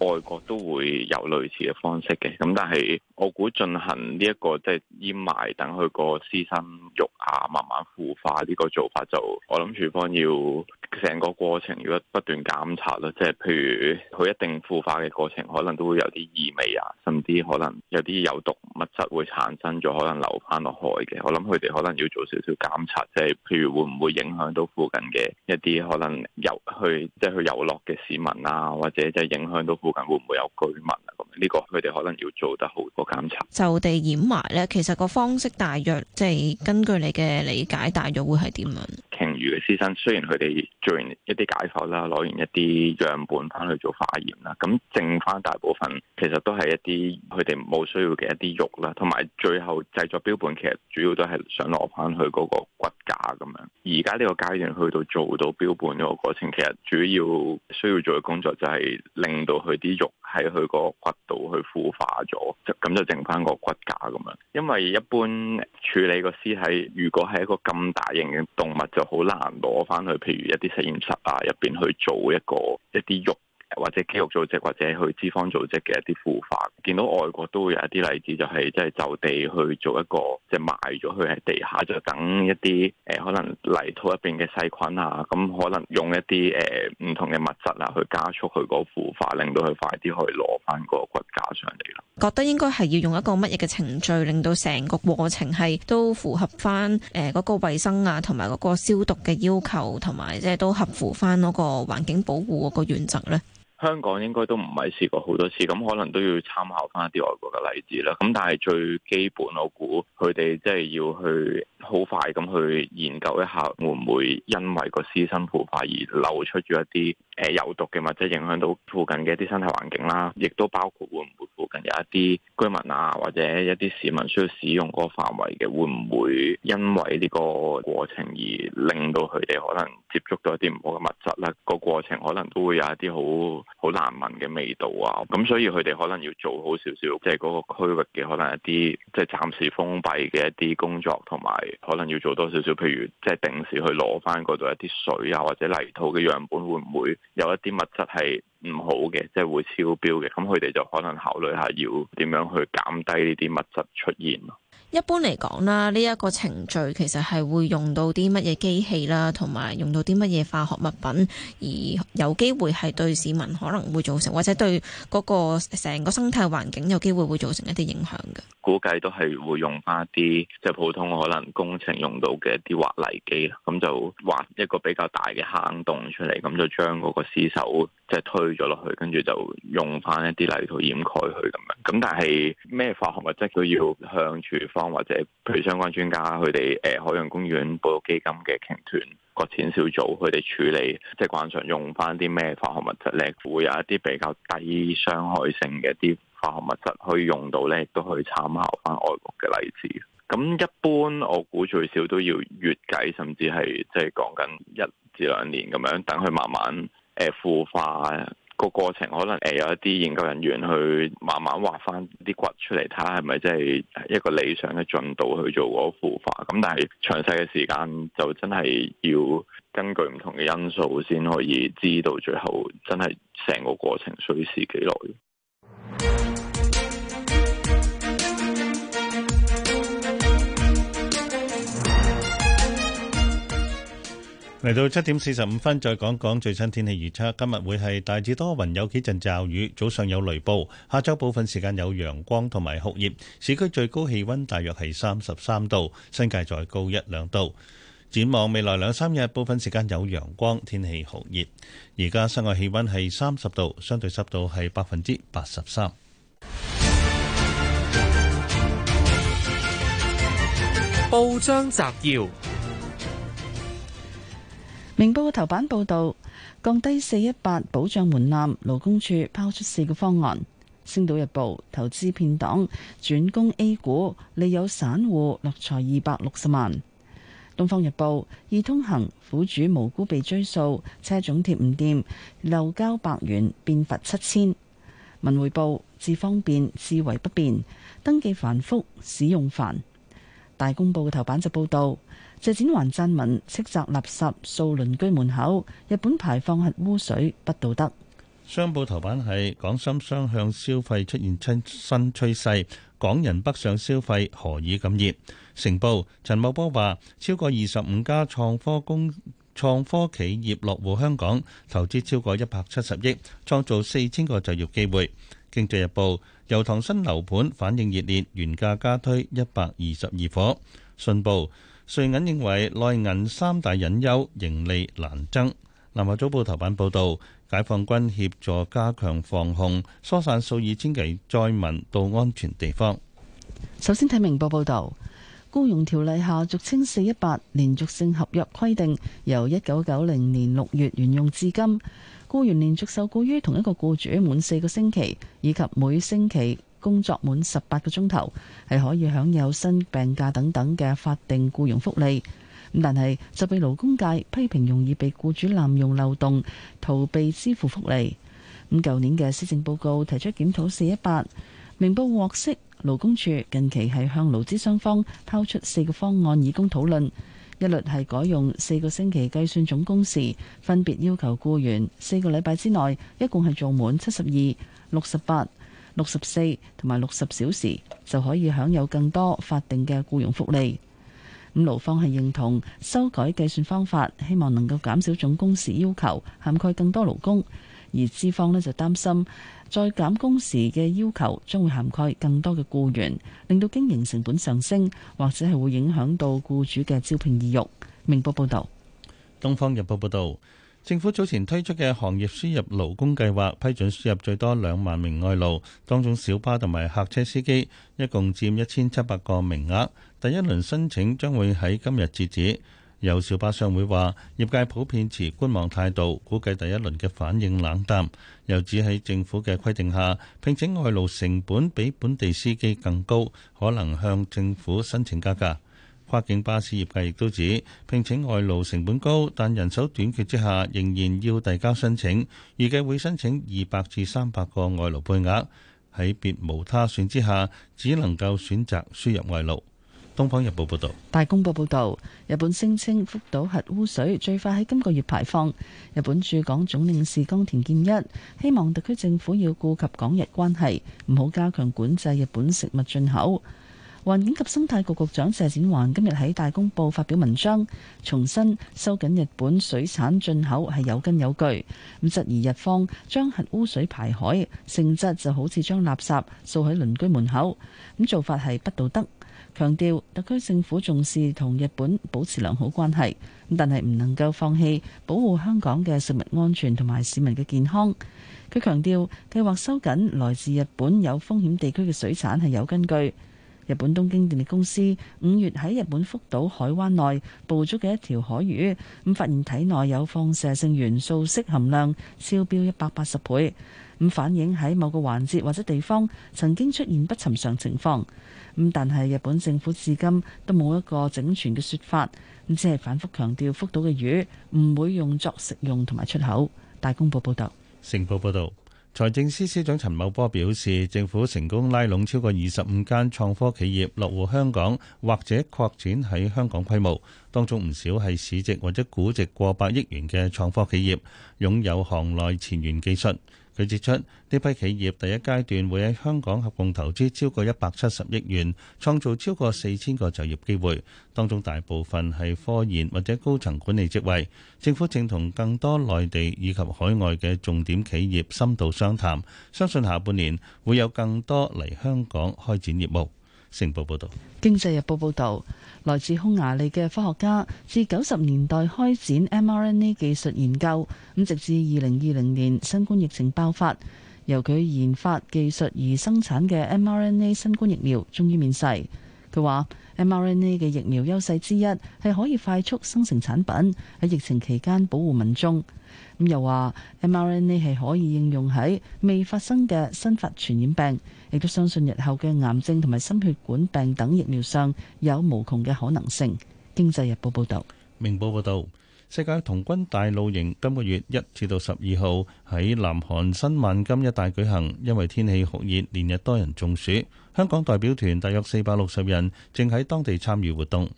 外國都會有類似嘅方式嘅，咁但係我估進行呢、這、一個即係掩埋等佢個屍身肉啊慢慢腐化呢、這個做法就，就我諗處方要。成個過程如果不斷檢查啦，即係譬如佢一定腐化嘅過程，可能都會有啲異味啊，甚至可能有啲有毒物質會產生咗，可能流翻落海嘅。我諗佢哋可能要做少少檢查，即係譬如會唔會影響到附近嘅一啲可能遊去即係去遊樂嘅市民啊，或者即係影響到附近會唔會有居民啊？咁、這、呢個佢哋可能要做得好多檢查。就地掩埋咧，其實個方式大約即係、就是、根據你嘅理解，大約會係點樣？鯨魚嘅屍身雖然佢哋做完一啲解剖啦，攞完一啲樣本翻去做化驗啦，咁剩翻大部分其實都係一啲佢哋冇需要嘅一啲肉啦，同埋最後製作標本其實主要都係想攞翻去嗰個骨架咁樣。而家呢個階段去到做到標本嗰個過程，其實主要需要做嘅工作就係令到佢啲肉，喺佢個骨度去腐化咗，就咁就剩翻個骨架咁樣。因為一般處理個屍體，如果係一個咁大型嘅動物，就好難攞翻去，譬如一啲實驗室啊入邊去做一個一啲肉。或者肌肉組織或者去脂肪組織嘅一啲腐化，見到外國都會有一啲例子，就是，就係即係就地去做一個即係、就是、埋咗佢喺地下，就等一啲誒、呃、可能泥土入邊嘅細菌啊，咁可能用一啲誒唔同嘅物質啊去加速佢嗰個腐化，令到佢快啲去攞翻個骨架上嚟咯。覺得應該係要用一個乜嘢嘅程序，令到成個過程係都符合翻誒嗰個衛生啊，同埋嗰個消毒嘅要求，同埋即係都合乎翻嗰個環境保護嗰個原則咧。香港應該都唔係試過好多次，咁可能都要參考翻一啲外國嘅例子啦。咁但係最基本，我估佢哋即係要去好快咁去研究一下，會唔會因為個私生腐敗而流出咗一啲誒有毒嘅物質，影響到附近嘅一啲生態環境啦？亦都包括會唔會附近有一啲居民啊，或者一啲市民需要使用嗰個範圍嘅，會唔會因為呢個過程而令到佢哋可能接觸到一啲唔好嘅物質咧？個過程可能都會有一啲好好難聞嘅味道啊。咁所以佢哋可能要做好少少，即係嗰個區域嘅可能一啲，即係暫時封閉嘅一啲工作，同埋可能要做多少少，譬如即係定時去攞翻嗰度一啲水啊，或者泥土嘅樣本，會唔會有一啲物質係唔好嘅，即係會超標嘅？咁佢哋就可能考慮下要點樣去減低呢啲物質出現。一般嚟講啦，呢一個程序其實係會用到啲乜嘢機器啦，同埋用到啲乜嘢化學物品，而有機會係對市民可能會造成，或者對嗰個成個生態環境有機會會造成一啲影響嘅。估計都係會用翻啲即係普通可能工程用到嘅一啲挖泥機，咁就挖一個比較大嘅坑洞出嚟，咁就將嗰個屍首即係推咗落去，跟住就用翻一啲泥土掩蓋佢咁樣。咁但係咩化學物質都要向處或者，譬如相關專家佢哋，誒、呃、海洋公園保育基金嘅鯨豚擱淺小組，佢哋處理，即係慣常用翻啲咩化學物質咧，會有一啲比較低傷害性嘅啲化學物質可以用到咧，都可以參考翻外國嘅例子。咁一般，我估最少都要月計，甚至係即係講緊一至兩年咁樣，等佢慢慢誒腐、呃、化。個過程可能誒有一啲研究人員去慢慢畫翻啲骨出嚟，睇下係咪真係一個理想嘅進度去做個腐化。咁但係詳細嘅時間就真係要根據唔同嘅因素先可以知道最後真係成個過程需時幾耐。嚟到七點四十五分，再講講最新天氣預測。今日會係大致多雲，有幾陣驟雨，早上有雷暴。下晝部分時間有陽光同埋酷熱。市區最高氣溫大約係三十三度，新界再高一兩度。展望未來兩三日，部分時間有陽光，天氣酷熱。而家室外氣溫係三十度，相對濕度係百分之八十三。報章摘要。明報嘅頭版報道，降低四一八保障門檻，勞工處拋出四個方案。星島日報投資騙黨轉攻 A 股，利有散戶落財二百六十萬。東方日報易通行苦主無辜被追數，車總貼唔掂漏交百元，變罰七千。文匯報至方便至為不便，登記繁複，使用繁。大公報嘅頭版就報道。謝展寰鎮民斥責垃圾掃鄰居門口，日本排放核污水不道德。商報頭版係港深雙向消費出現新新趨勢，港人北上消費何以咁熱？成報陳茂波話超過二十五家創科工創科企業落戶香港，投資超過一百七十億，創造四千個就業機會。經濟日報油塘新樓盤反應熱烈，原價加推一百二十二夥。信報。瑞銀認為內銀三大隱憂，盈利難增。南華早報頭版報道，解放軍協助加強防控，疏散數以千計災民到安全地方。首先睇明報報道，雇傭條例下俗稱四一八連續性合約規定，由一九九零年六月沿用至今，雇員連續受雇於同一個雇主滿四個星期，以及每星期。工作滿十八個鐘頭係可以享有新病假等等嘅法定雇傭福利，咁但係就被勞工界批評容易被雇主濫用漏洞，逃避支付福利。咁舊年嘅施政報告提出檢討四一八，明報獲悉勞工處近期係向勞資雙方拋出四個方案以供討論，一律係改用四個星期計算總工時，分別要求雇員四個禮拜之內一共係做滿七十二、六十八、六十四同埋六十小時就可以享有更多法定嘅僱傭福利。咁勞方係認同修改計算方法，希望能夠減少總工時要求，涵蓋更多勞工。而資方呢，就擔心，再減工時嘅要求，將會涵蓋更多嘅僱員，令到經營成本上升，或者係會影響到僱主嘅招聘意欲。明報報道，東方日報報道。政府早前推出嘅行業輸入勞工計劃，批准輸入最多兩萬名外勞，當中小巴同埋客車司機，一共佔一千七百個名額，第一輪申請將會喺今日截止。有小巴商會話，業界普遍持觀望態度，估計第一輪嘅反應冷淡。又指喺政府嘅規定下，聘請外勞成本比本地司機更高，可能向政府申請加價。跨境巴士業界亦都指聘請外勞成本高，但人手短缺之下，仍然要遞交申請，預計會申請二百至三百個外勞配額。喺別無他選之下，只能夠選擇輸入外勞。《東方日報》報道，《大公報》報道，日本聲稱福島核污水最快喺今個月排放。日本駐港總領事岡田健一希望特區政府要顧及港日關係，唔好加強管制日本食物進口。環境及生態局局長謝展寰今日喺《大公報》發表文章，重申收緊日本水產進口係有根有據。咁質疑日方將核污水排海，性質就好似將垃圾掃喺鄰居門口，咁做法係不道德。強調特區政府重視同日本保持良好關係，但係唔能夠放棄保護香港嘅食物安全同埋市民嘅健康。佢強調計劃收緊來自日本有風險地區嘅水產係有根據。日本東京電力公司五月喺日本福島海灣內捕捉嘅一條海魚，咁發現體內有放射性元素銫含量超標一百八十倍，咁反映喺某個環節或者地方曾經出現不尋常情況，咁但係日本政府至今都冇一個整全嘅説法，咁只係反覆強調福島嘅魚唔會用作食用同埋出口。大公報報,報,報道。成報報導。財政司司長陳茂波表示，政府成功拉攏超過二十五間創科企業落戶香港，或者擴展喺香港規模，當中唔少係市值或者估值過百億元嘅創科企業，擁有行內前沿技術。佢指出，呢批企業第一階段會喺香港合共投資超過一百七十億元，創造超過四千個就業機會，當中大部分係科研或者高層管理職位。政府正同更多內地以及海外嘅重點企業深度商談，相信下半年會有更多嚟香港開展業務。星報報道，《經濟日報》報道，來自匈牙利嘅科學家自九十年代開展 mRNA 技術研究，咁直至二零二零年新冠疫情爆發，由佢研發技術而生產嘅 mRNA 新冠疫苗終於面世。佢話 mRNA 嘅疫苗優勢之一係可以快速生成產品，喺疫情期間保護民眾。咁又話 mRNA 係可以應用喺未發生嘅新發傳染病。亦都相信日後嘅癌症同埋心血管病等疫苗上有無窮嘅可能性。經濟日報報道，明報報道，世界童軍大露營今個月一至到十二號喺南韓新萬金一帶舉行，因為天氣酷熱，連日多人中暑。香港代表團大約四百六十人正喺當地參與活動，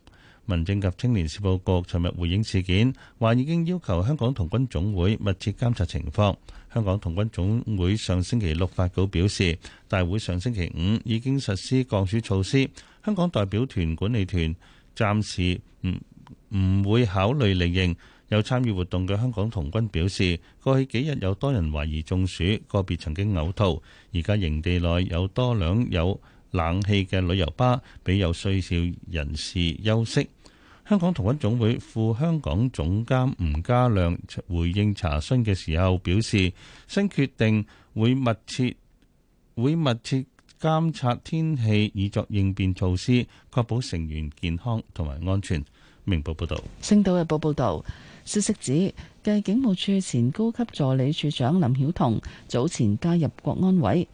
民政及青年事務局尋日回應事件，話已經要求香港童軍總會密切監察情況。香港童軍總會上星期六發稿表示，大會上星期五已經實施降暑措施。香港代表團管理團暫時唔唔會考慮離營。有參與活動嘅香港童軍表示，過去幾日有多人懷疑中暑，個別曾經嘔吐。而家營地內有多輛有冷氣嘅旅遊巴，俾有需要人士休息。香港同温總會副香港總監吳家亮回應查詢嘅時候表示，新決定會密切會密切監察天氣，以作應變措施，確保成員健康同埋安全。明報報導，《星島日報》報導，消息指，繼警務處前高級助理處長林曉彤早前加入國安委，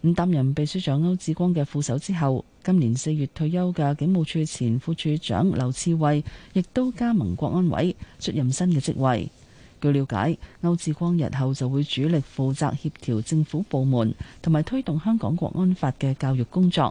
唔擔任秘書長歐志光嘅副手之後。今年四月退休嘅警務處前副處長劉賜蕙，亦都加盟國安委，出任新嘅職位。據了解，歐志光日後就會主力負責協調政府部門，同埋推動香港國安法嘅教育工作。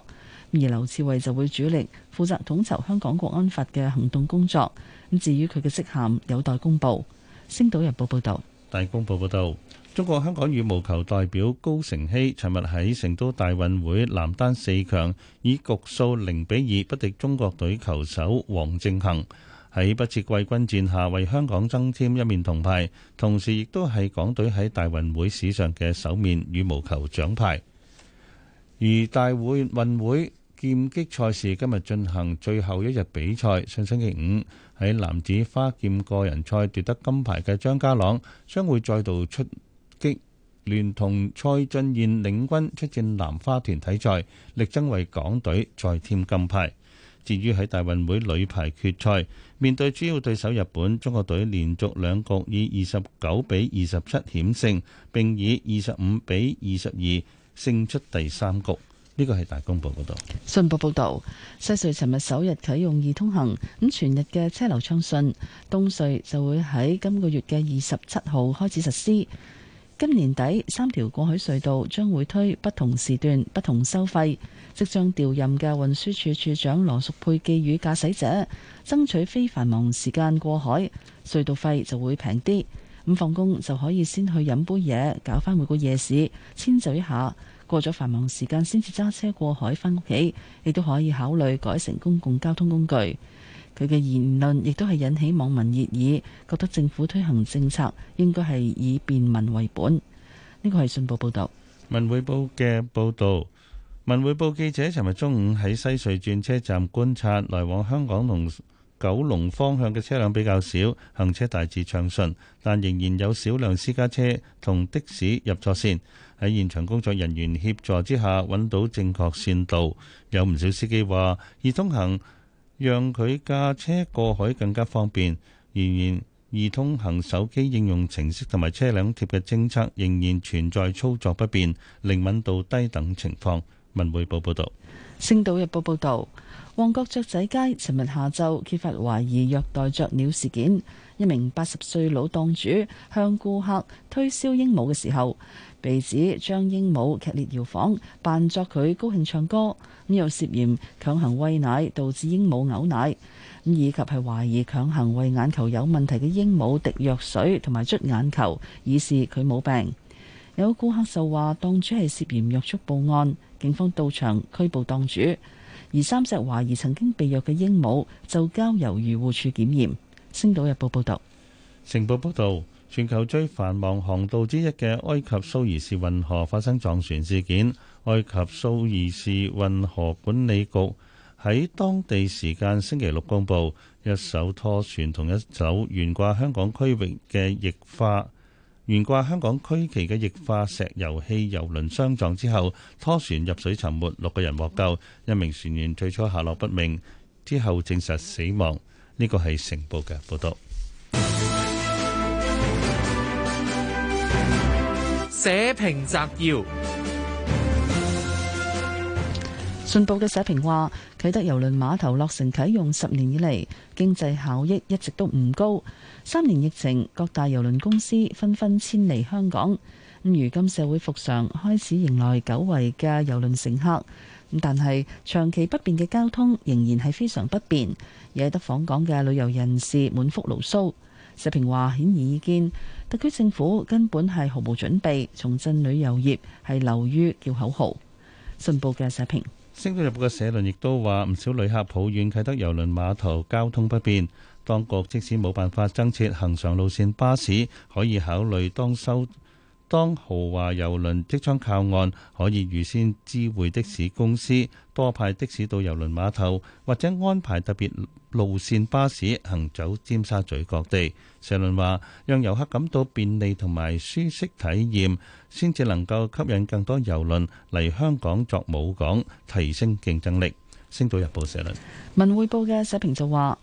而劉賜蕙就會主力負責統籌香港國安法嘅行動工作。咁至於佢嘅職銜，有待公布。星島日報報道，大公報報道。中國香港羽毛球代表高成希尋日喺成都大運會男單四強，以局數零比二不敵中國隊球手王正恒，喺不設季軍戰下為香港增添一面銅牌，同時亦都係港隊喺大運會史上嘅首面羽毛球獎牌。而大運會劍擊賽事今日進行最後一日比賽，上星期五喺男子花劍個人賽奪得金牌嘅張家朗將會再度出。聯同蔡俊彥領軍出戰男花團體賽，力爭為港隊再添金牌。至於喺大運會女排決賽面對主要對手日本，中國隊連續兩局以二十九比二十七險勝，並以二十五比二十二勝出第三局。呢個係大公報嗰度。信報報導，西隧尋日首日啟用易通行，咁全日嘅車流暢順。東隧就會喺今個月嘅二十七號開始實施。今年底三條過海隧道將會推不同時段不同收費。即將調任嘅運輸處處長羅淑佩寄語駕駛者，爭取非繁忙時間過海隧道費就會平啲。咁放工就可以先去飲杯嘢，搞返每個夜市，遷就一下過咗繁忙時間，先至揸車過海返屋企，亦都可以考慮改乘公共交通工具。佢嘅言論亦都係引起網民熱議，覺得政府推行政策應該係以便民為本。呢個係信報報導。文匯報嘅報導，文匯報記者尋日中午喺西隧轉車站觀察，來往香港同九龍方向嘅車輛比較少，行車大致暢順，但仍然有少量私家車同的士入左線。喺現場工作人員協助之下，揾到正確線道。有唔少司機話易通行。讓佢駕車過海更加方便。然而，易通行手機應用程式同埋車輛貼嘅政策仍然存在操作不便、靈敏度低等情況。文匯報報道。星島日報報道，旺角雀仔街尋日下晝揭發懷疑虐待雀鳥事件，一名八十歲老檔主向顧客推銷鸚鵡嘅時候，被指將鸚鵡劇烈搖晃，扮作佢高興唱歌。咁又涉嫌強行餵奶導致鸚鵡嘔奶，咁以及係懷疑強行餵眼球有問題嘅鸚鵡滴藥水同埋捽眼球，以示佢冇病。有顧客就話檔主係涉嫌虐畜，報案，警方到場拘捕檔主，而三隻懷疑曾經被虐嘅鸚鵡就交由漁護處檢驗。星島日報報道：「成報報道。」全球最繁忙航道之一嘅埃及蘇伊士運河發生撞船事件。埃及蘇伊士運河管理局喺當地時間星期六公布，一艘拖船同一艘懸掛香港區域嘅液化懸掛香港區旗嘅液化石油氣油輪相撞之後，拖船入水沉沒，六個人獲救，一名船員最初下落不明，之後證實死亡。呢個係成報嘅報道。社評摘要：信報嘅社評話，啟德郵輪碼頭落成啟用十年以嚟，經濟效益一直都唔高。三年疫情，各大郵輪公司紛紛遷離香港。咁如今社會復常，開始迎來久違嘅郵輪乘客。咁但係長期不便嘅交通仍然係非常不便，惹得訪港嘅旅遊人士滿腹牢騷。社評話，顯而易見。特區政府根本係毫無準備，重振旅遊業係流於叫口號。信報嘅社評。《星島日報》嘅社論亦都話，唔少旅客抱怨啟德郵輪碼頭交通不便，當局即使冇辦法增設行常路線巴士，可以考慮當收。當豪華郵輪即將靠岸，可以預先知會的士公司，多派的士到郵輪碼頭，或者安排特別路線巴士行走尖沙咀各地。社論話，讓遊客感到便利同埋舒適體驗，先至能夠吸引更多郵輪嚟香港作母港，提升競爭力。星島日報社論。文匯報嘅社評就話。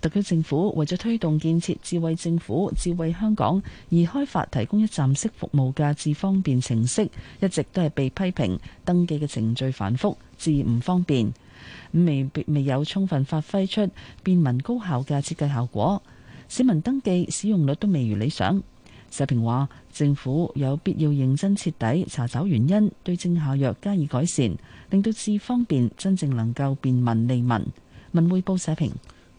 特區政府為咗推動建設智慧政府、智慧香港而開發提供一站式服務嘅智方便程式，一直都係被批評登記嘅程序繁複，智唔方便，未必未有充分發揮出便民高效嘅設計效果。市民登記使用率都未如理想。社評話，政府有必要認真徹底查找原因，對症下藥，加以改善，令到智方便真正能夠便民利民。文匯報社評。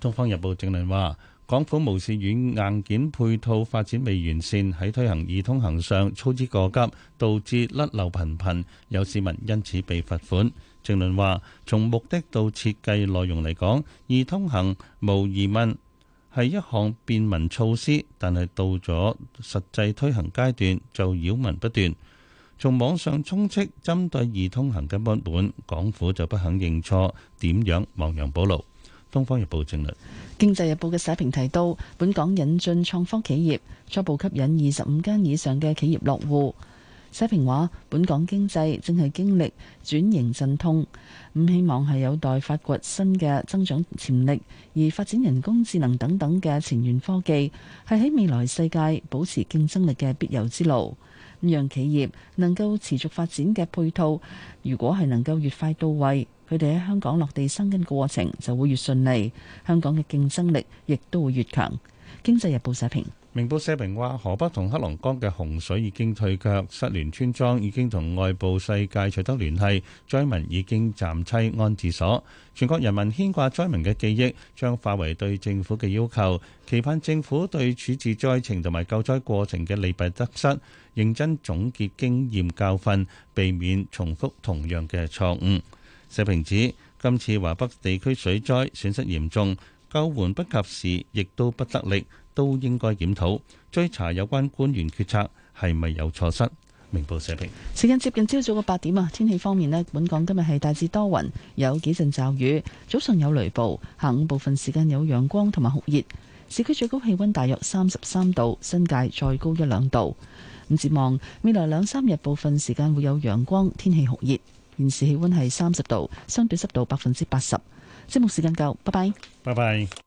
《東方日報》正論話：港府無視軟硬件配套發展未完善，喺推行易通行上操之過急，導致甩漏頻頻，有市民因此被罰款。正論話：從目的到設計內容嚟講，易通行無疑問係一項便民措施，但係到咗實際推行階段就擾民不斷。從網上充斥針對易通行嘅不滿，港府就不肯認錯，點樣亡羊補牢？《東方日報》政略，《經濟日報》嘅社評提到，本港引進創科企業，初步吸引二十五間以上嘅企業落戶。社評話，本港經濟正係經歷轉型陣痛，唔希望係有待發掘新嘅增長潛力，而發展人工智能等等嘅前沿科技，係喺未來世界保持競爭力嘅必由之路。咁讓企業能夠持續發展嘅配套，如果係能夠越快到位，佢哋喺香港落地生根嘅過程就會越順利，香港嘅競爭力亦都會越強。經濟日報社評，明報社評話：河北同黑龍江嘅洪水已經退卻，失聯村莊已經同外部世界取得聯繫，災民已經暫棲安置所。全國人民牽掛災民嘅記憶，將化為對政府嘅要求，期盼政府對處置災情同埋救災過程嘅利弊得失，認真總結經驗教訓，避免重複同樣嘅錯誤。社評指今次華北地區水災損失嚴重，救援不及時亦都不得力，都應該檢討追查有關官員決策係咪有錯失。明報社評。時間接近朝早嘅八點啊，天氣方面咧，本港今日係大致多雲，有幾陣驟雨，早上有雷暴，下午部分時間有陽光同埋酷熱，市區最高氣温大約三十三度，新界再高一兩度。咁展望未來兩三日部分時間會有陽光，天氣酷熱。現時氣溫係三十度，相對濕度百分之八十。節目時間夠，拜拜。拜拜。